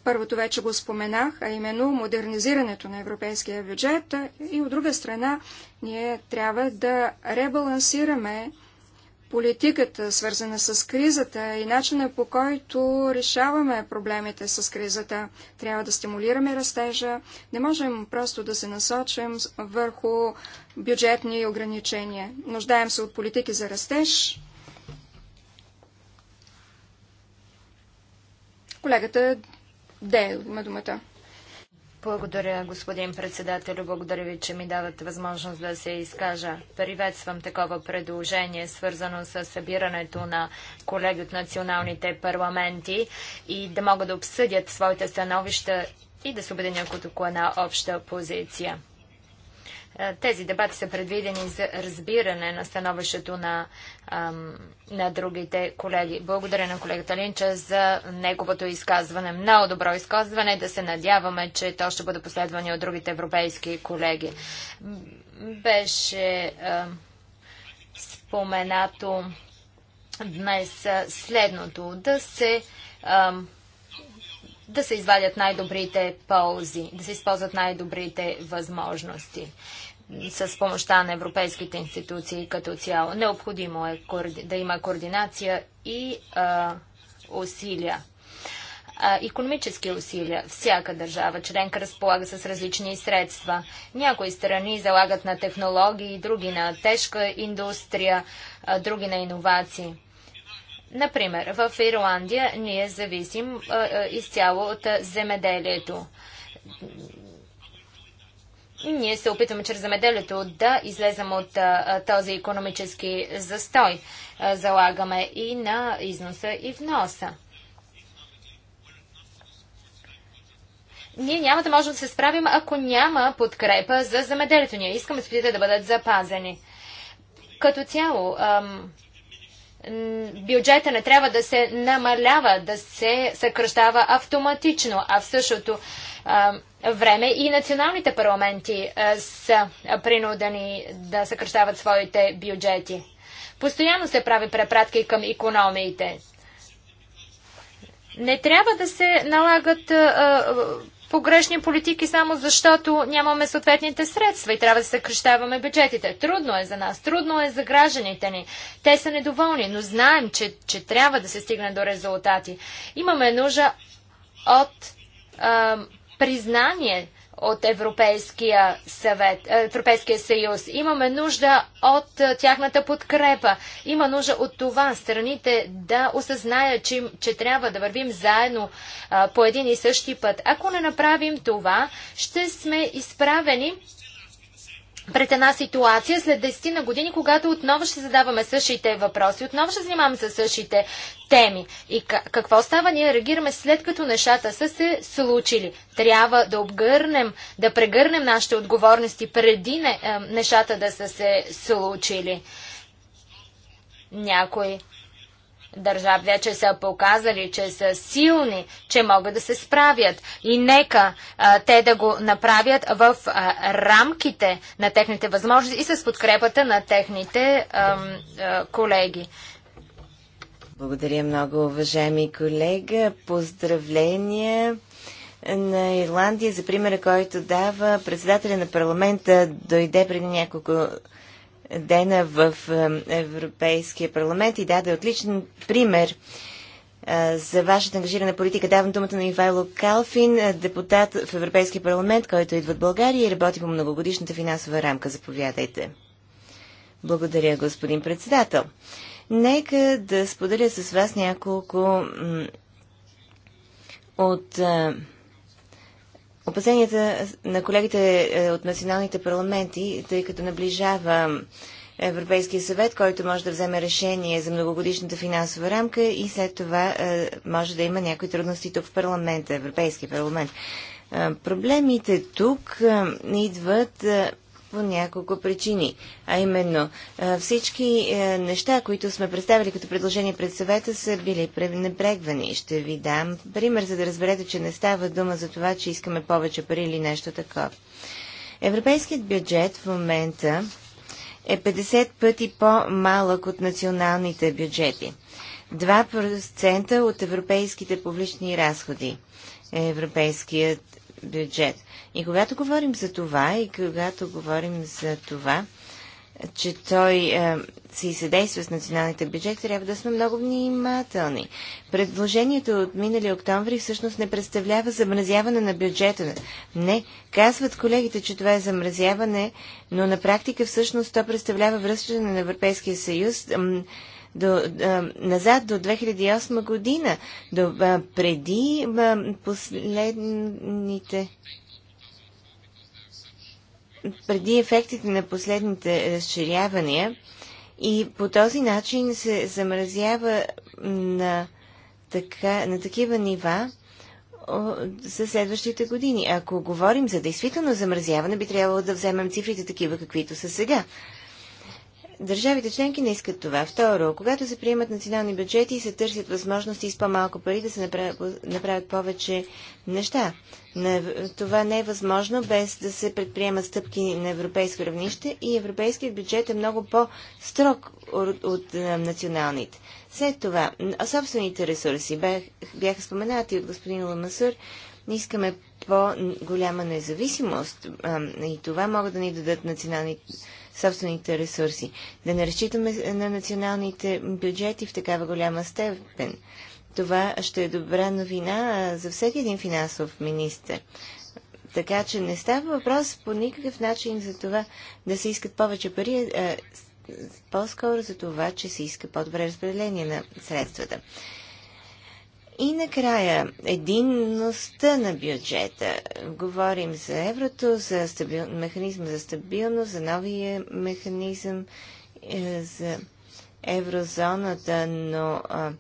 Първото вече го споменах, а именно модернизирането на европейския бюджет и от друга страна ние трябва да ребалансираме политиката, свързана с кризата и начина по който решаваме проблемите с кризата. Трябва да стимулираме растежа. Не можем просто да се насочим върху бюджетни ограничения. Нуждаем се от политики за растеж. Колегата Дейл има думата. Благодаря, господин председател. Благодаря ви, че ми давате възможност да се изкажа. Приветствам такова предложение, свързано с събирането на колеги от националните парламенти и да могат да обсъдят своите становища и да се обединят около една обща позиция. Е, тези дебати са предвидени за разбиране на становището на, на другите колеги. Благодаря на колегата Линча за неговото изказване. Много добро изказване. Да се надяваме, че то ще бъде последвано от другите европейски колеги. Беше споменато днес следното. Да се ам, да се извадят най-добрите ползи, да се използват най-добрите възможности с помощта на европейските институции като цяло. Необходимо е да има координация и а, усилия. А, економически усилия. Всяка държава членка разполага с различни средства. Някои страни залагат на технологии, други на тежка индустрия, а, други на иновации. Например, в Ирландия ние зависим изцяло от земеделието. Ние се опитваме чрез земеделието да излезем от този економически застой. Залагаме и на износа и вноса. ние няма да можем да се справим, ако няма подкрепа за замеделието. Ние искаме спитите да бъдат запазени. Като цяло, ам, бюджета не трябва да се намалява, да се съкръщава автоматично, а в същото време и националните парламенти са принудени да съкръщават своите бюджети. Постоянно се прави препратки към економиите. Не трябва да се налагат а, погрешни политики само защото нямаме съответните средства и трябва да съкрещаваме бюджетите. Трудно е за нас, трудно е за гражданите ни. Те са недоволни, но знаем, че, че трябва да се стигне до резултати. Имаме нужда от а, признание от Европейския, съвет, е, Европейския съюз. Имаме нужда от е, тяхната подкрепа. Има нужда от това страните да осъзнаят, че, че трябва да вървим заедно а, е, по един и същи път. Ако не направим това, ще сме изправени пред една ситуация след 10 на години, когато отново ще задаваме същите въпроси, отново ще занимаваме с същите теми. И какво става? Ние реагираме след като нещата са се случили. Трябва да обгърнем, да прегърнем нашите отговорности преди е, нещата да са се случили. Някои държави вече са показали, че са силни, че могат да се справят. И нека а, те да го направят в а, рамките на техните възможности и с подкрепата на техните а, а, колеги. Благодаря много, уважаеми колега. Поздравления на Ирландия за примера, който дава председателя на парламента дойде преди няколко дена в е, Европейския парламент и даде отличен пример е, за вашата ангажирана политика. Давам думата на Ивайло Калфин, е, депутат в Европейския парламент, който идва от България и работи по многогодишната финансова рамка. Заповядайте. Благодаря, господин председател. Нека да споделя с вас няколко от Опасенията на колегите е, от националните парламенти, тъй като наближава Европейския съвет, който може да вземе решение за многогодишната финансова рамка и след това е, може да има някои трудности тук в парламента, Европейския парламент. Е, проблемите тук не идват по няколко причини. А именно, всички е, неща, които сме представили като предложение пред съвета, са били пренебрегвани. Ще ви дам пример, за да разберете, че не става дума за това, че искаме повече пари или нещо такова. Европейският бюджет в момента е 50 пъти по-малък от националните бюджети. 2% от европейските публични разходи европейският бюджет. И когато говорим за това, и когато говорим за това, че той е, си съдейства с националните бюджети, трябва да сме много внимателни. Предложението от минали октомври всъщност не представлява замразяване на бюджета. Не, казват колегите, че това е замразяване, но на практика всъщност то представлява връщане на Европейския съюз до, а, назад до 2008 година, до, а, преди а, последните преди ефектите на последните разширявания и по този начин се замразява на, така, на такива нива за следващите години. Ако говорим за действително замразяване, би трябвало да вземем цифрите такива, каквито са сега. Държавите членки не искат това. Второ, когато се приемат национални бюджети и се търсят възможности с по-малко пари да се направят, направят повече неща. Това не е възможно без да се предприемат стъпки на европейско равнище и европейският бюджет е много по-строг от, от е, националните. След това, собствените ресурси бях, бяха споменати от господин Ламасур. Искаме по-голяма независимост и това могат да ни дадат националните собствените ресурси. Да не разчитаме на националните бюджети в такава голяма степен. Това ще е добра новина за всеки един финансов министр. Така че не става въпрос по никакъв начин за това да се искат повече пари, а по-скоро за това, че се иска по-добре разпределение на средствата. И накрая, единността на бюджета. Говорим за еврото, за стабил... механизъм за стабилност, за новия механизъм е, за еврозоната, но а,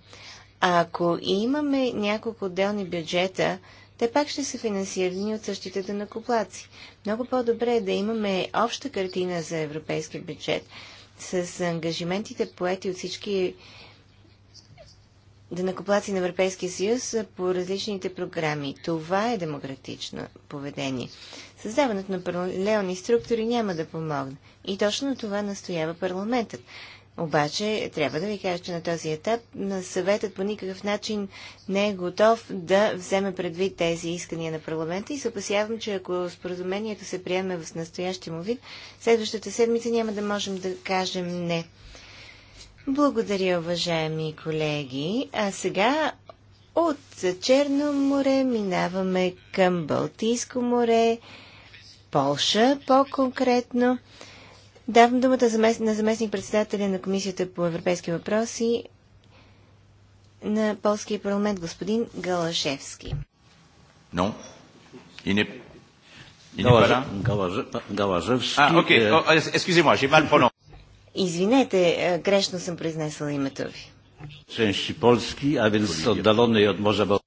ако имаме няколко отделни бюджета, те пак ще са финансирани от същите данакоплаци. Много по-добре е да имаме обща картина за европейски бюджет с ангажиментите поети от всички данакоплаци на Европейския съюз по различните програми. Това е демократично поведение. Създаването на паралелни структури няма да помогне. И точно това настоява парламентът. Обаче, трябва да ви кажа, че на този етап на съветът по никакъв начин не е готов да вземе предвид тези искания на парламента и се опасявам, че ако споразумението се приеме в настоящия му вид, следващата седмица няма да можем да кажем не. Благодаря, уважаеми колеги. А сега от Черно море минаваме към Балтийско море, Полша по-конкретно. Давам думата на заместник председателя на Комисията по европейски въпроси на Полския парламент, господин Галашевски. Но, и не... Галашевски. А, окей, excusez-moi, j'ai mal prononcé. Извинете, е, грешно съм произнесла името ви. Części Polski, a więc oddalonej od Morza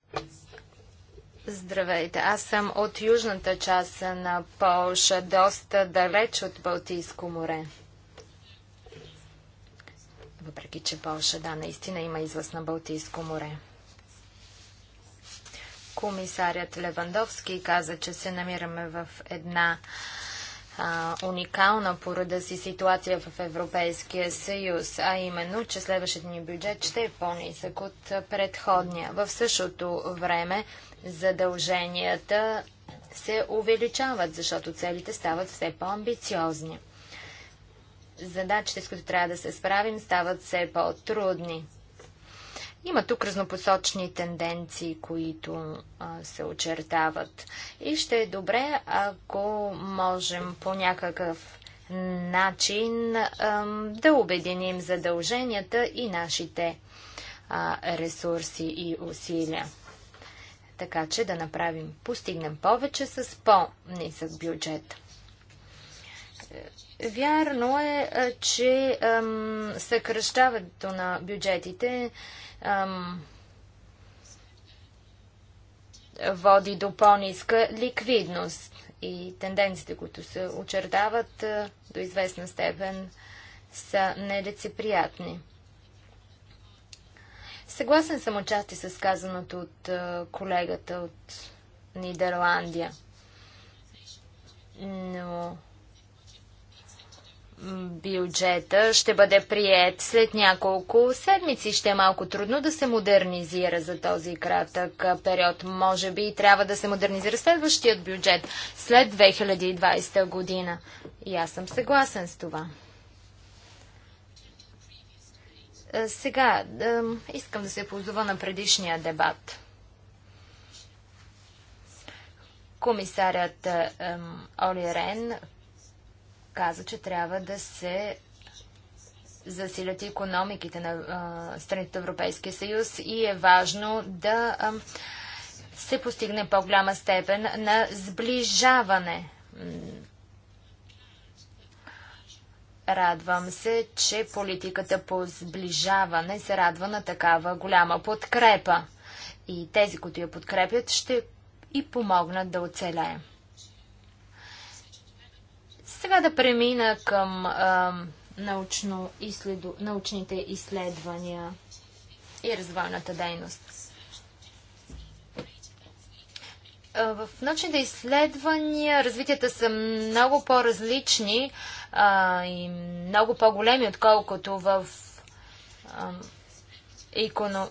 Здравейте, аз съм от южната част на Полша, доста далеч от Балтийско море. Въпреки, че Полша, да, наистина има излъз на Балтийско море. Комисарят Левандовски каза, че се намираме в една а, а, уникална по рода си ситуация в Европейския съюз, а именно, че следващият ни бюджет ще е по-нисък от предходния. В същото време задълженията се увеличават, защото целите стават все по-амбициозни. Задачите, с които трябва да се справим, стават все по-трудни. Има тук разнопосочни тенденции, които а, се очертават. И ще е добре, ако можем по някакъв начин а, да обединим задълженията и нашите а, ресурси и усилия. Така че да направим, постигнем повече с по-нисък бюджет. Вярно е, че съкръщаването на бюджетите ам, води до по-ниска ликвидност и тенденциите, които се очертават до известна степен са нелицеприятни. Съгласен съм отчасти с казаното от колегата от Нидерландия, но бюджета ще бъде прият след няколко седмици. Ще е малко трудно да се модернизира за този кратък период. Може би трябва да се модернизира следващият бюджет след 2020 година. И аз съм съгласен с това. Сега, да, искам да се позова на предишния дебат. Комисарят Оли Рен каза, че трябва да се засилят економиките на а, страните от Европейския съюз и е важно да а, се постигне по-голяма степен на сближаване. Радвам се, че политиката по сближаване се радва на такава голяма подкрепа. И тези, които я подкрепят, ще и помогнат да оцелеем. Сега да премина към научно изследу... научните изследвания и развойната дейност. В научните изследвания развитията са много по-различни и много по-големи, отколкото в, а,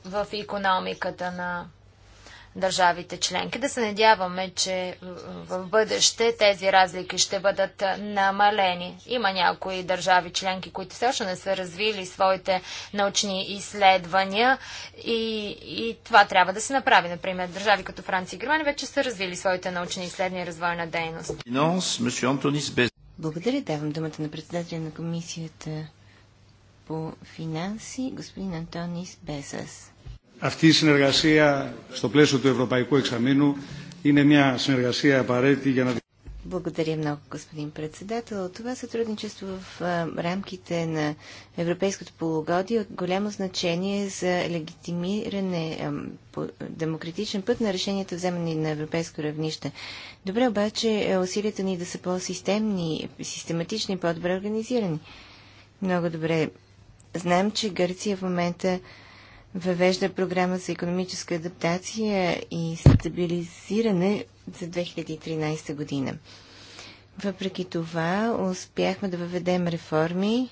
в економиката на държавите членки. Да се надяваме, че е, в бъдеще тези разлики ще бъдат е, намалени. Има някои държави членки, които все още не са развили своите научни изследвания и, и това трябва да се направи. Например, държави като Франция и Германия вече са развили своите научни изследвания и развойна дейност. Благодаря. Давам думата на председателя на комисията по финанси, господин Антонис Безас. Αυτή η συνεργασία στο πλαίσιο του Ευρωπαϊκού Εξαμήνου είναι μια συνεργασία απαραίτητη για να... Благодаря много, господин председател. Това сътрудничество в рамките на Европейското полугодие е от голямо значение за легитимиране по демократичен път на решенията вземани на европейско равнище. Добре обаче е, усилията ни да са по-системни, систематични, по-добре организирани. Много добре. Знаем, че Гърция в момента въвежда програма за економическа адаптация и стабилизиране за 2013 година. Въпреки това, успяхме да въведем реформи,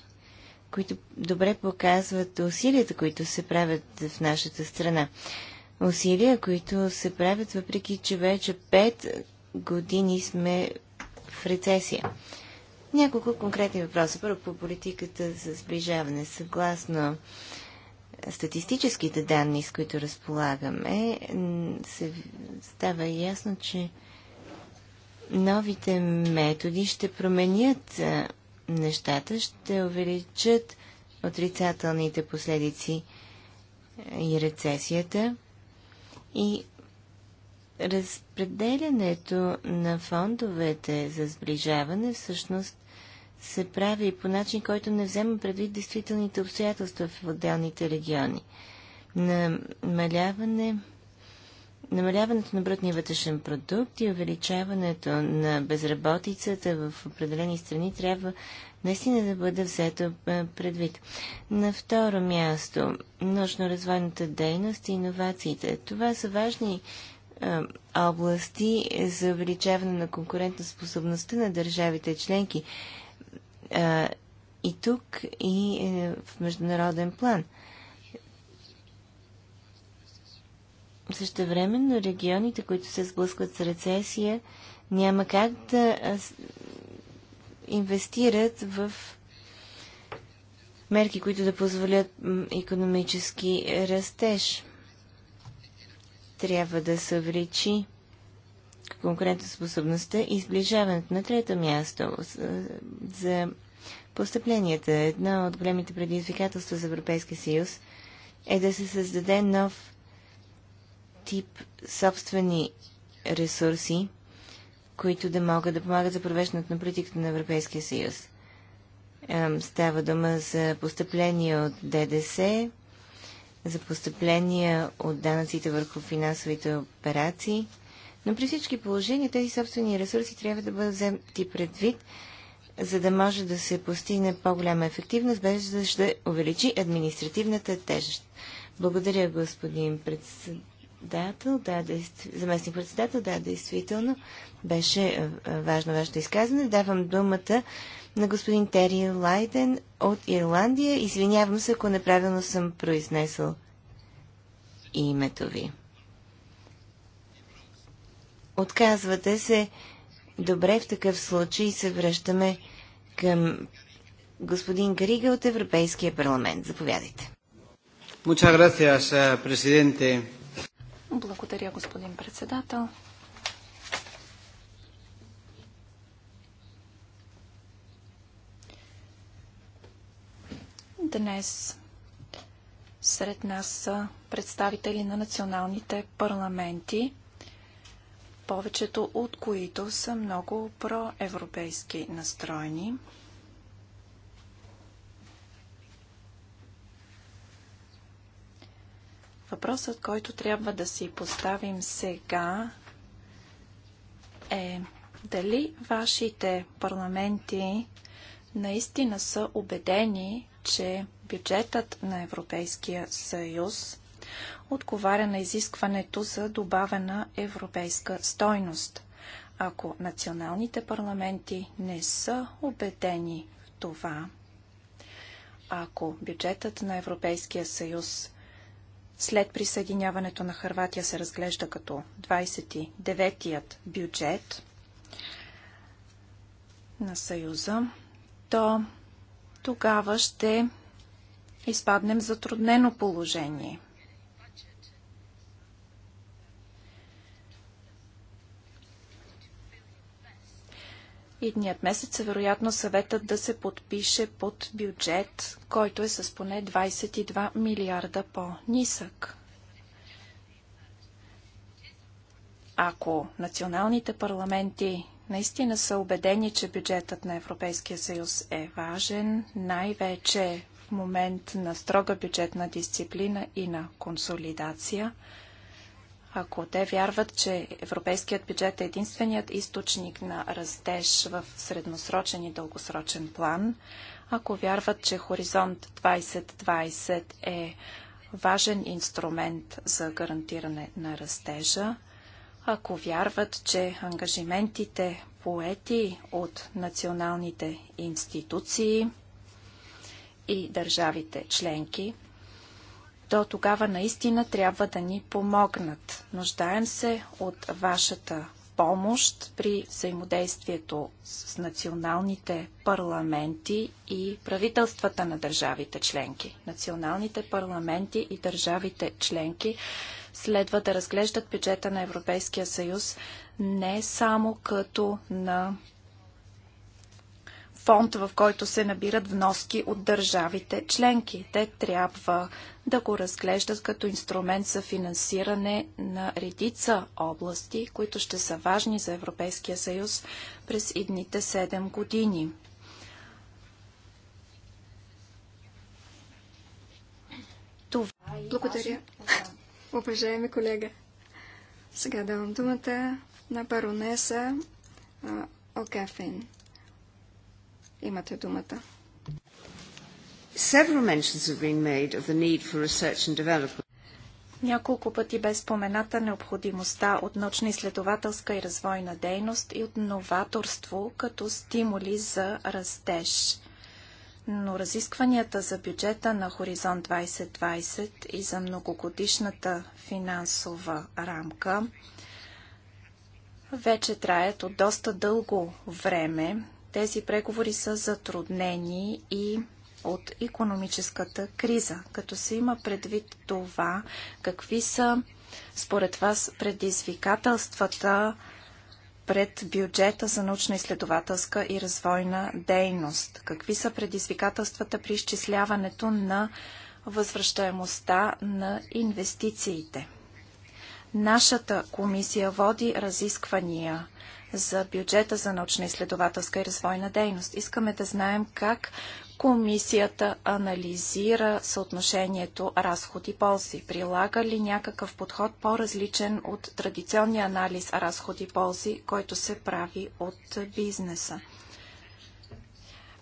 които добре показват усилията, които се правят в нашата страна. Усилия, които се правят, въпреки че вече 5 години сме в рецесия. Няколко конкретни въпроса. Първо по политиката за сближаване. Съгласно статистическите данни, с които разполагаме, се става ясно, че новите методи ще променят нещата, ще увеличат отрицателните последици и рецесията и разпределянето на фондовете за сближаване всъщност се прави по начин, който не взема предвид действителните обстоятелства в отделните региони. Намаляване, намаляването на брутния вътрешен продукт и увеличаването на безработицата в определени страни трябва наистина да бъде взето предвид. На второ място, научно-развойната дейност и иновациите. Това са важни области за увеличаване на конкурентоспособността на държавите членки а, и тук, и е, в международен план. Същевременно регионите, които се сблъскват с рецесия, няма как да инвестират в мерки, които да позволят економически е, растеж. Трябва да се увеличи конкурентоспособността и сближаването. На трето място за постъпленията. Едно от големите предизвикателства за Европейския съюз е да се създаде нов тип собствени ресурси, които да могат да помагат за провеждането на политиката на Европейския съюз. Става дума за постъпления от ДДС, за постъпления от данъците върху финансовите операции, но при всички положения тези собствени ресурси трябва да бъдат взети предвид, за да може да се постигне по-голяма ефективност, без да ще увеличи административната тежест. Благодаря, господин председател. Да, заместник председател, да, действително беше важно вашето изказване. Давам думата на господин Тери Лайден от Ирландия. Извинявам се, ако неправилно съм произнесъл името ви. Отказвате се. Добре, в такъв случай се връщаме към господин Карига от Европейския парламент. Заповядайте. Eh, Благодаря, господин председател. Днес сред нас са представители на националните парламенти – повечето от които са много проевропейски настроени. Въпросът, който трябва да си поставим сега е дали вашите парламенти наистина са убедени, че бюджетът на Европейския съюз отговаря на изискването за добавена европейска стойност. Ако националните парламенти не са убедени в това, ако бюджетът на Европейския съюз след присъединяването на Харватия се разглежда като 29-тият бюджет на Съюза, то тогава ще изпаднем в затруднено положение – идният месец е вероятно съветът да се подпише под бюджет, който е с поне 22 милиарда по-нисък. Ако националните парламенти наистина са убедени, че бюджетът на Европейския съюз е важен, най-вече в момент на строга бюджетна дисциплина и на консолидация – ако те вярват, че европейският бюджет е единственият източник на растеж в средносрочен и дългосрочен план, ако вярват, че Хоризонт 2020 е важен инструмент за гарантиране на растежа, ако вярват, че ангажиментите поети от националните институции и държавите членки то тогава наистина трябва да ни помогнат. Нуждаем се от вашата помощ при взаимодействието с националните парламенти и правителствата на държавите членки. Националните парламенти и държавите членки следва да разглеждат бюджета на Европейския съюз не само като на фонд, в който се набират вноски от държавите членки. Те трябва да го разглеждат като инструмент за финансиране на редица области, които ще са важни за Европейския съюз през идните 7 години. Това е Благодаря. Уважаеми колега, сега давам думата на баронеса Окафен. Имате думата. Няколко пъти бе спомената необходимостта от научно-изследователска и развойна дейност и от новаторство като стимули за растеж. Но разискванията за бюджета на Хоризонт 2020 и за многогодишната финансова рамка вече траят от доста дълго време тези преговори са затруднени и от економическата криза, като се има предвид това, какви са според вас предизвикателствата пред бюджета за научно-изследователска и развойна дейност? Какви са предизвикателствата при изчисляването на възвръщаемостта на инвестициите? Нашата комисия води разисквания за бюджета за научно-изследователска и развойна дейност. Искаме да знаем как комисията анализира съотношението разходи-ползи. Прилага ли някакъв подход по-различен от традиционния анализ разходи-ползи, който се прави от бизнеса?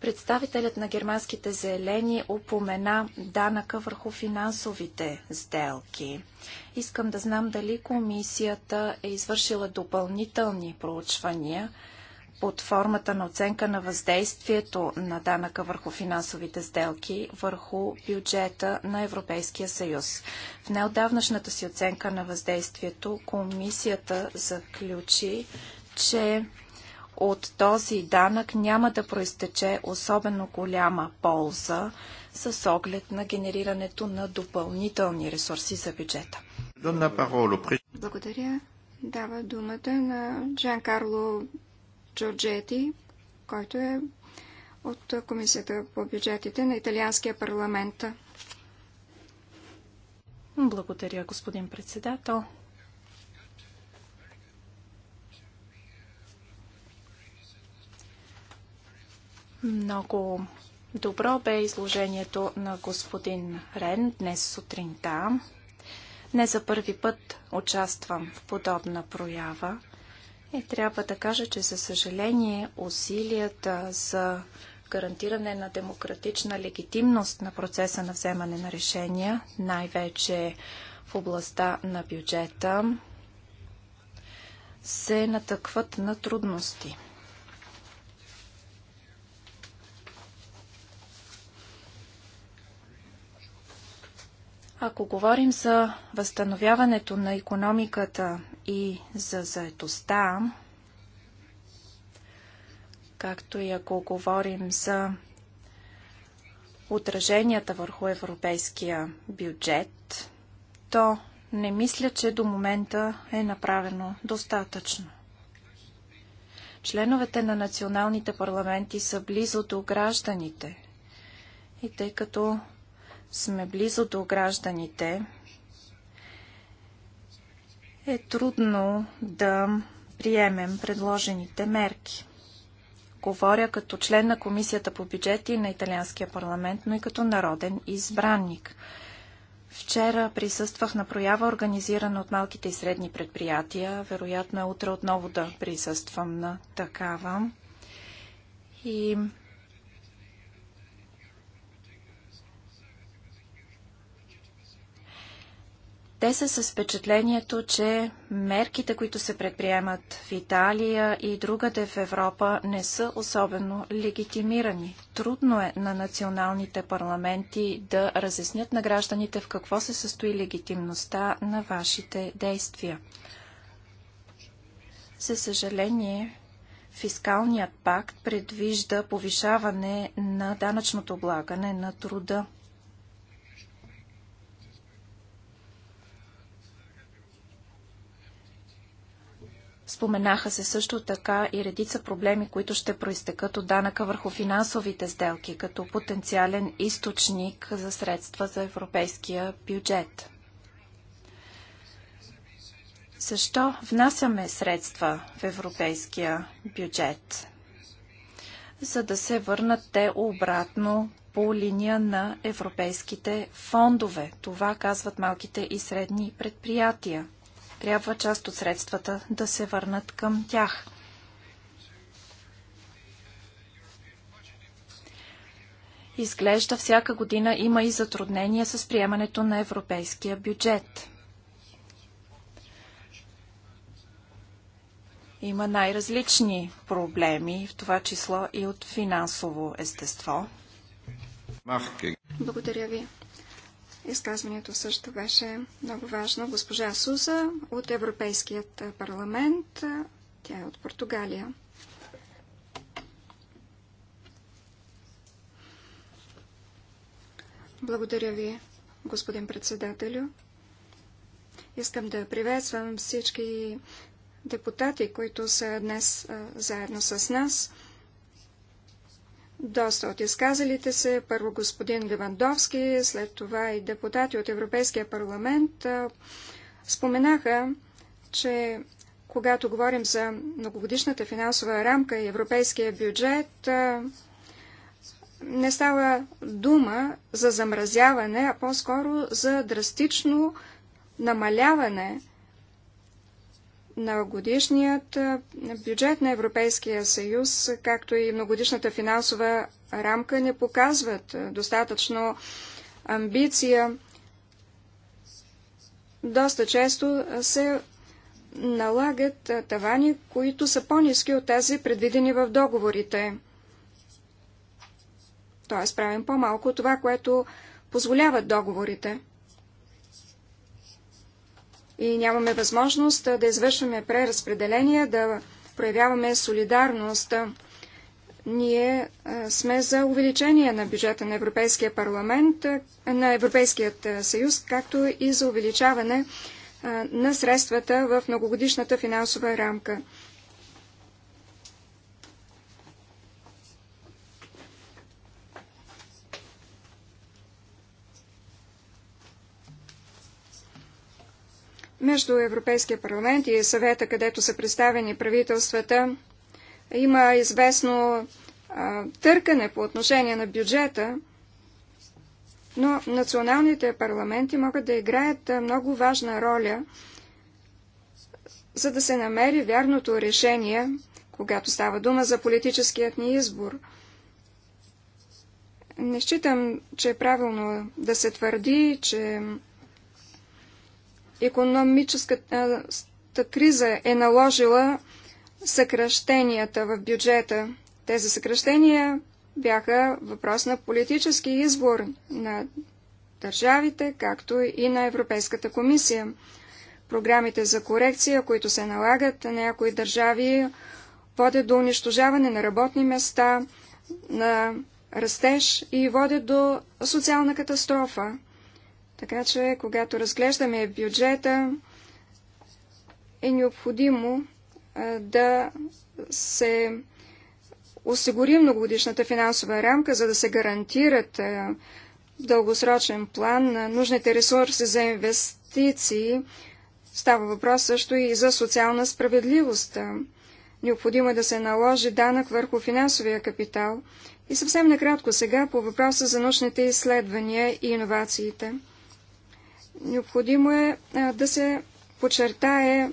Представителят на германските зелени упомена данъка върху финансовите сделки. Искам да знам дали комисията е извършила допълнителни проучвания под формата на оценка на въздействието на данъка върху финансовите сделки върху бюджета на Европейския съюз. В неодавнашната си оценка на въздействието комисията заключи, че от този данък няма да проистече особено голяма полза с оглед на генерирането на допълнителни ресурси за бюджета. Благодаря. Дава думата на Джан Карло Джорджети, който е от Комисията по бюджетите на Италианския парламент. Благодаря, господин председател. Много добро бе изложението на господин Рен днес сутринта. Не за първи път участвам в подобна проява. И трябва да кажа, че за съжаление усилията за гарантиране на демократична легитимност на процеса на вземане на решения, най-вече в областта на бюджета, се натъкват на трудности. Ако говорим за възстановяването на економиката и за заетостта, както и ако говорим за отраженията върху европейския бюджет, то не мисля, че до момента е направено достатъчно. Членовете на националните парламенти са близо до гражданите. И тъй като сме близо до гражданите, е трудно да приемем предложените мерки. Говоря като член на Комисията по бюджети на Италианския парламент, но и като народен избранник. Вчера присъствах на проява, организирана от малките и средни предприятия. Вероятно е утре отново да присъствам на такава. И Те са с впечатлението, че мерките, които се предприемат в Италия и другаде в Европа, не са особено легитимирани. Трудно е на националните парламенти да разяснят на гражданите в какво се състои легитимността на вашите действия. За съжаление, фискалният пакт предвижда повишаване на данъчното облагане на труда. Споменаха се също така и редица проблеми, които ще проистекат от данъка върху финансовите сделки, като потенциален източник за средства за европейския бюджет. Защо внасяме средства в европейския бюджет? За да се върнат те обратно по линия на европейските фондове. Това казват малките и средни предприятия трябва част от средствата да се върнат към тях. Изглежда всяка година има и затруднения с приемането на европейския бюджет. Има най-различни проблеми, в това число и от финансово естество. Благодаря ви. Изказването също беше много важно. Госпожа Суза от Европейският парламент, тя е от Португалия. Благодаря ви, господин председателю. Искам да приветствам всички депутати, които са днес заедно с нас – доста от изказалите се, първо господин Левандовски, след това и депутати от Европейския парламент, споменаха, че когато говорим за многогодишната финансова рамка и европейския бюджет, не става дума за замразяване, а по-скоро за драстично намаляване на годишният бюджет на Европейския съюз, както и многодишната финансова рамка не показват достатъчно амбиция. Доста често се налагат тавани, които са по-низки от тези предвидени в договорите. Тоест правим по-малко от това, което позволяват договорите и нямаме възможност да извършваме преразпределение, да проявяваме солидарност. Ние сме за увеличение на бюджета на Европейския парламент, на Европейският съюз, както и за увеличаване на средствата в многогодишната финансова рамка. между Европейския парламент и съвета, където са представени правителствата, има известно а, търкане по отношение на бюджета, но националните парламенти могат да играят много важна роля, за да се намери вярното решение, когато става дума за политическият ни избор. Не считам, че е правилно да се твърди, че економическата криза е наложила съкръщенията в бюджета. Тези съкръщения бяха въпрос на политически избор на държавите, както и на Европейската комисия. Програмите за корекция, които се налагат на някои държави, водят до унищожаване на работни места, на растеж и водят до социална катастрофа. Така че, когато разглеждаме бюджета, е необходимо да се осигури многогодишната финансова рамка, за да се гарантират в дългосрочен план на нужните ресурси за инвестиции. Става въпрос също и за социална справедливост. Необходимо е да се наложи данък върху финансовия капитал. И съвсем накратко сега по въпроса за научните изследвания и иновациите. Необходимо е да се подчертае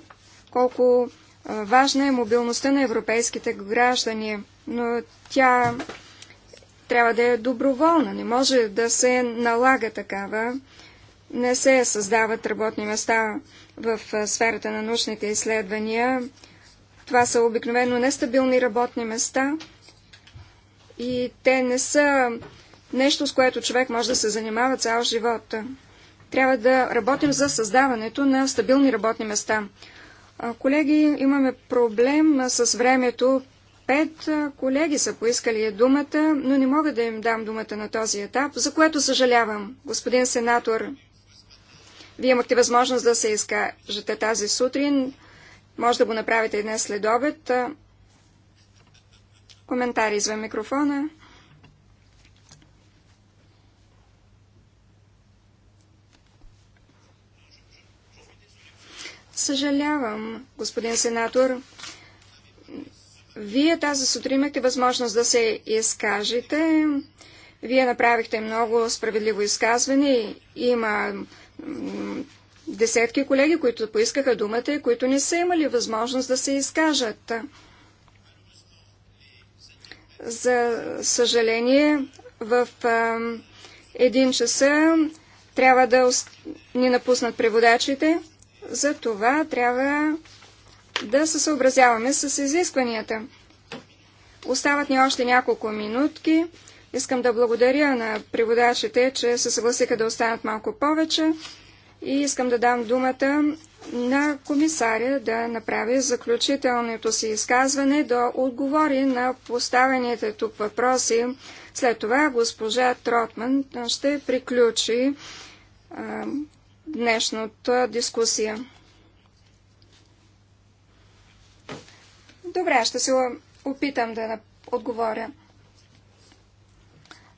колко важна е мобилността на европейските граждани, но тя трябва да е доброволна, не може да се налага такава. Не се създават работни места в сферата на научните изследвания. Това са обикновено нестабилни работни места и те не са нещо, с което човек може да се занимава цял живот. Трябва да работим за създаването на стабилни работни места. Колеги, имаме проблем с времето. Пет колеги са поискали думата, но не мога да им дам думата на този етап, за което съжалявам. Господин сенатор, вие имахте възможност да се изкажете тази сутрин. Може да го направите и днес след обед. Коментари извън микрофона. Съжалявам, господин сенатор. Вие тази сутрин имахте възможност да се изкажете. Вие направихте много справедливо изказване. Има десетки колеги, които поискаха думата и които не са имали възможност да се изкажат. За съжаление, в а, един часа трябва да ни напуснат преводачите. За това трябва да се съобразяваме с изискванията. Остават ни още няколко минутки. Искам да благодаря на преводачите, че се съгласиха да останат малко повече. И искам да дам думата на комисаря да направи заключителното си изказване, да отговори на поставените тук въпроси. След това госпожа Тротман ще приключи днешната дискусия. Добре, ще се опитам да отговоря.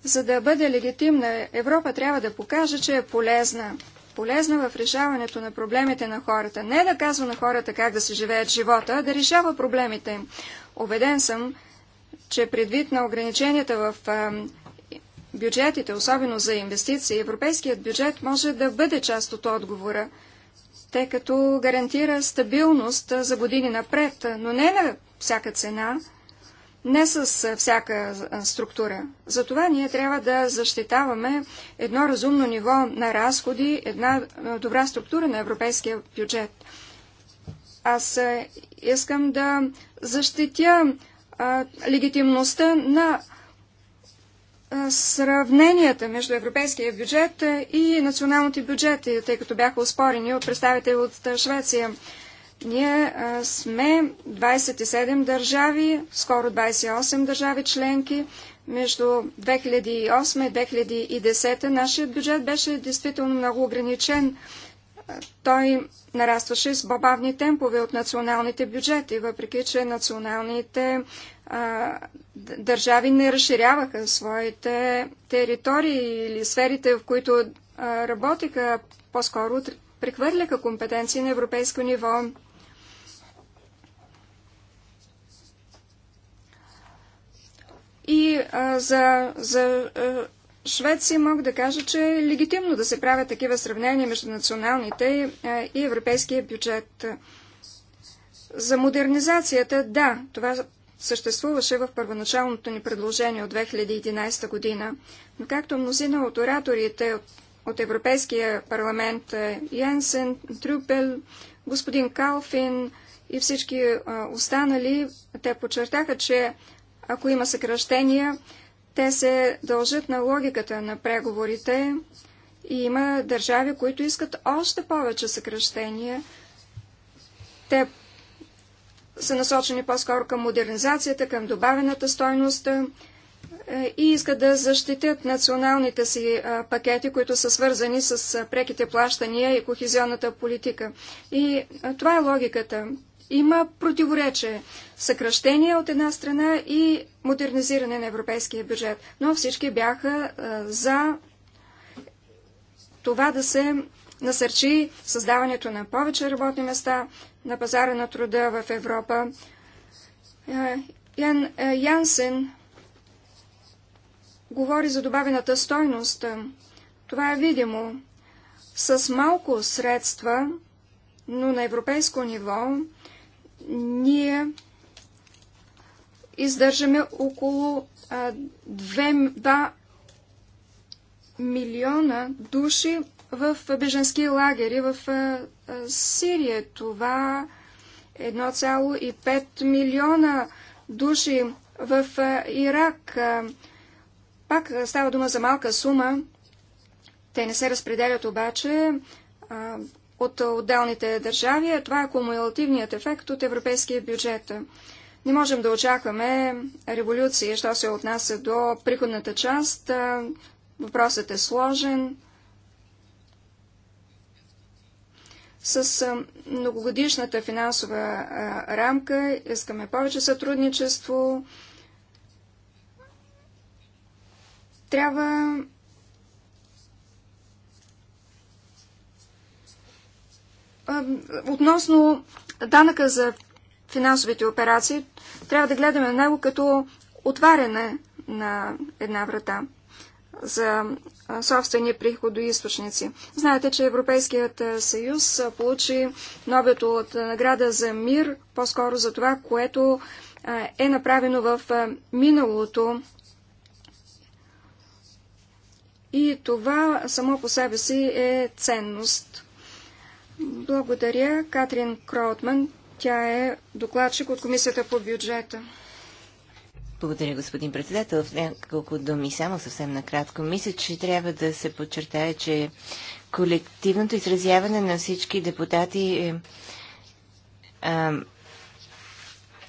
За да бъде легитимна, Европа трябва да покаже, че е полезна. Полезна в решаването на проблемите на хората. Не да казва на хората как да се живеят живота, а да решава проблемите им. Обеден съм, че предвид на ограниченията в бюджетите, особено за инвестиции, европейският бюджет може да бъде част от отговора, тъй като гарантира стабилност за години напред, но не на всяка цена, не с всяка структура. Затова ние трябва да защитаваме едно разумно ниво на разходи, една добра структура на европейския бюджет. Аз искам да защитя а, легитимността на сравненията между европейския бюджет и националните бюджети, тъй като бяха успорени от представители от Швеция. Ние сме 27 държави, скоро 28 държави членки. Между 2008 и 2010 нашият бюджет беше действително много ограничен той нарастваше с бабавни темпове от националните бюджети, въпреки че националните а, държави не разширяваха своите територии или сферите, в които а, работиха, по-скоро прехвърляха компетенции на европейско ниво. И а, за, за а, Швеция мога да кажа, че е легитимно да се правят такива сравнения между националните е, и европейския бюджет. За модернизацията, да, това съществуваше в първоначалното ни предложение от 2011 година, но както мнозина от ораторите от Европейския парламент Янсен, е, Трюпел, господин Калфин и всички е, останали, те подчертаха, че ако има съкръщения, те се дължат на логиката на преговорите и има държави, които искат още повече съкръщения. Те са насочени по-скоро към модернизацията, към добавената стойност е, и искат да защитят националните си е, пакети, които са свързани с е, преките плащания и кохезионната политика. И това е логиката има противоречие. Съкръщение от една страна и модернизиране на европейския бюджет. Но всички бяха а, за това да се насърчи създаването на повече работни места на пазара на труда в Европа. Ян, Янсен говори за добавената стойност. Това е видимо. С малко средства, но на европейско ниво, ние издържаме около 2 милиона души в беженски лагери в Сирия. Това 1,5 е милиона души в Ирак. Пак става дума за малка сума. Те не се разпределят обаче от отделните държави, а това е кумулативният ефект от европейския бюджет. Не можем да очакваме революции, що се отнася до приходната част. Въпросът е сложен. С многогодишната финансова рамка искаме повече сътрудничество. Трябва Относно данъка за финансовите операции, трябва да гледаме на него като отваряне на една врата за собствени приходоисточници. Знаете, че Европейският съюз получи новето от награда за мир, по-скоро за това, което е направено в миналото. И това само по себе си е ценност. Благодаря. Катрин Кроутман. Тя е докладчик от Комисията по бюджета. Благодаря, господин председател. В няколко думи, само съвсем накратко. Мисля, че трябва да се подчертая, че колективното изразяване на всички депутати а, е, е,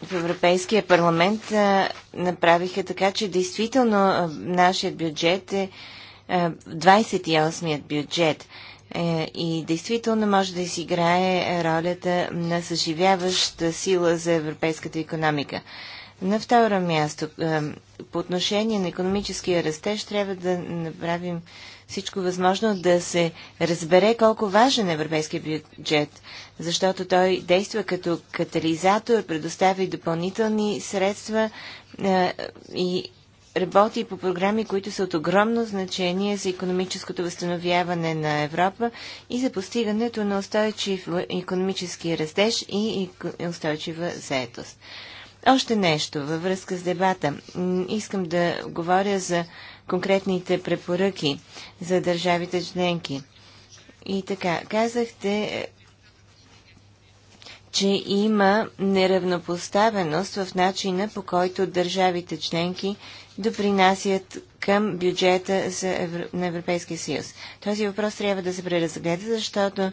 в Европейския парламент а, е, направиха така, че действително а, нашият бюджет е 28-ят бюджет. Е, и действително може да изиграе ролята на съживяваща сила за европейската економика. На второ място, е, по отношение на економическия растеж, трябва да направим всичко възможно да се разбере колко важен е европейския бюджет, защото той действа като катализатор, и допълнителни средства е, и работи по програми, които са от огромно значение за економическото възстановяване на Европа и за постигането на устойчив економически растеж и устойчива заетост. Още нещо във връзка с дебата. Искам да говоря за конкретните препоръки за държавите членки. И така, казахте, че има неравнопоставеност в начина по който държавите членки допринасят към бюджета за Евро... на Европейския съюз. Този въпрос трябва да се преразгледа, защото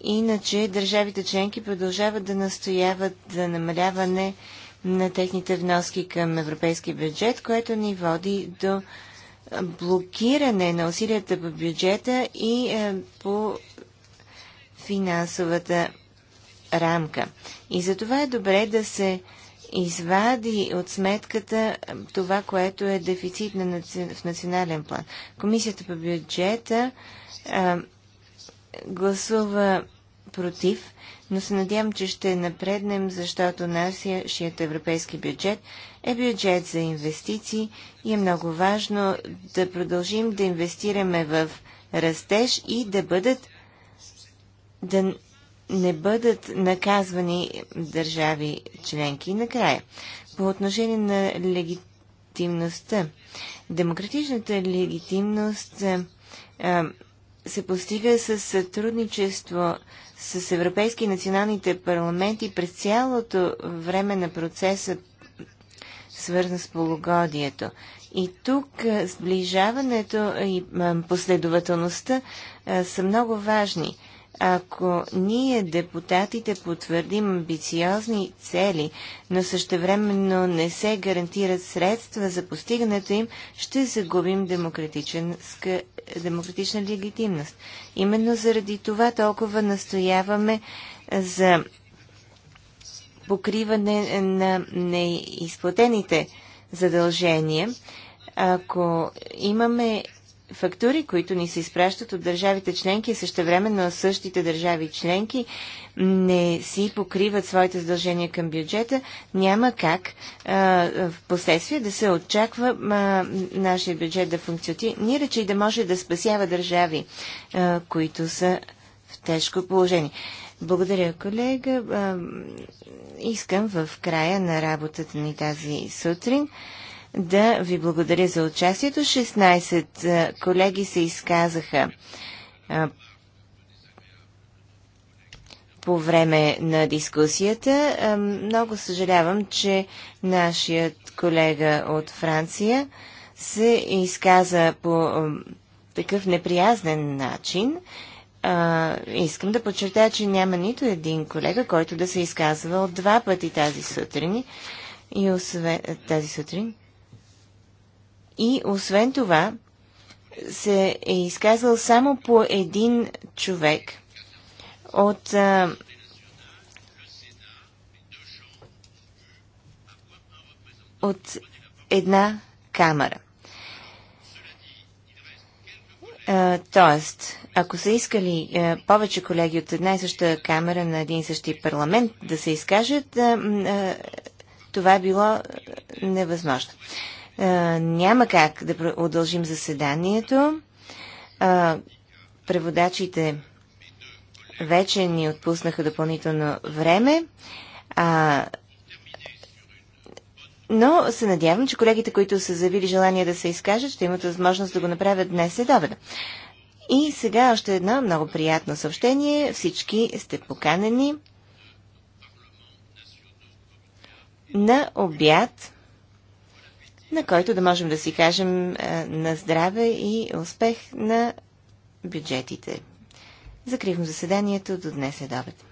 иначе държавите членки продължават да настояват за намаляване на техните вноски към европейския бюджет, което ни води до блокиране на усилията по бюджета и по финансовата рамка. И за това е добре да се извади от сметката това, което е дефицит на наци... в национален план. Комисията по бюджета а, гласува против, но се надявам, че ще напреднем, защото нашият европейски бюджет е бюджет за инвестиции и е много важно да продължим да инвестираме в растеж и да бъдат да не бъдат наказвани държави членки. И накрая, по отношение на легитимността. Демократичната легитимност а, е, е, се постига с сътрудничество с европейски и националните парламенти през цялото време на процеса, свързан с полугодието. И тук е, сближаването и последователността са много важни. Ако ние, депутатите, потвърдим амбициозни цели, но същевременно не се гарантират средства за постигането им, ще загубим демократична легитимност. Именно заради това толкова настояваме за покриване на неизплатените задължения. Ако имаме фактури, които ни се изпращат от държавите членки и същевременно същите държави членки не си покриват своите задължения към бюджета, няма как а, в последствие да се очаква а, нашия бюджет да функционира, че и да може да спасява държави, а, които са в тежко положение. Благодаря, колега. искам в края на работата ни тази сутрин да ви благодаря за участието. 16 колеги се изказаха по време на дискусията. Много съжалявам, че нашият колега от Франция се изказа по такъв неприязнен начин. А, искам да подчертая, че няма нито един колега, който да се е изказва от два пъти тази сутрин. И освен тази сутрин. И освен това, се е изказал само по един човек от от една камера. тоест, ако са искали повече колеги от една и съща камера на един и същи парламент да се изкажат, това е било невъзможно. Е, няма как да удължим заседанието. Е, преводачите вече ни отпуснаха допълнително време. А, но се надявам, че колегите, които са заявили желание да се изкажат, ще имат възможност да го направят днес след обеда. И сега още едно много приятно съобщение. Всички сте поканени на обяд на който да можем да си кажем е, на здраве и успех на бюджетите. Закривам заседанието до днес е добед.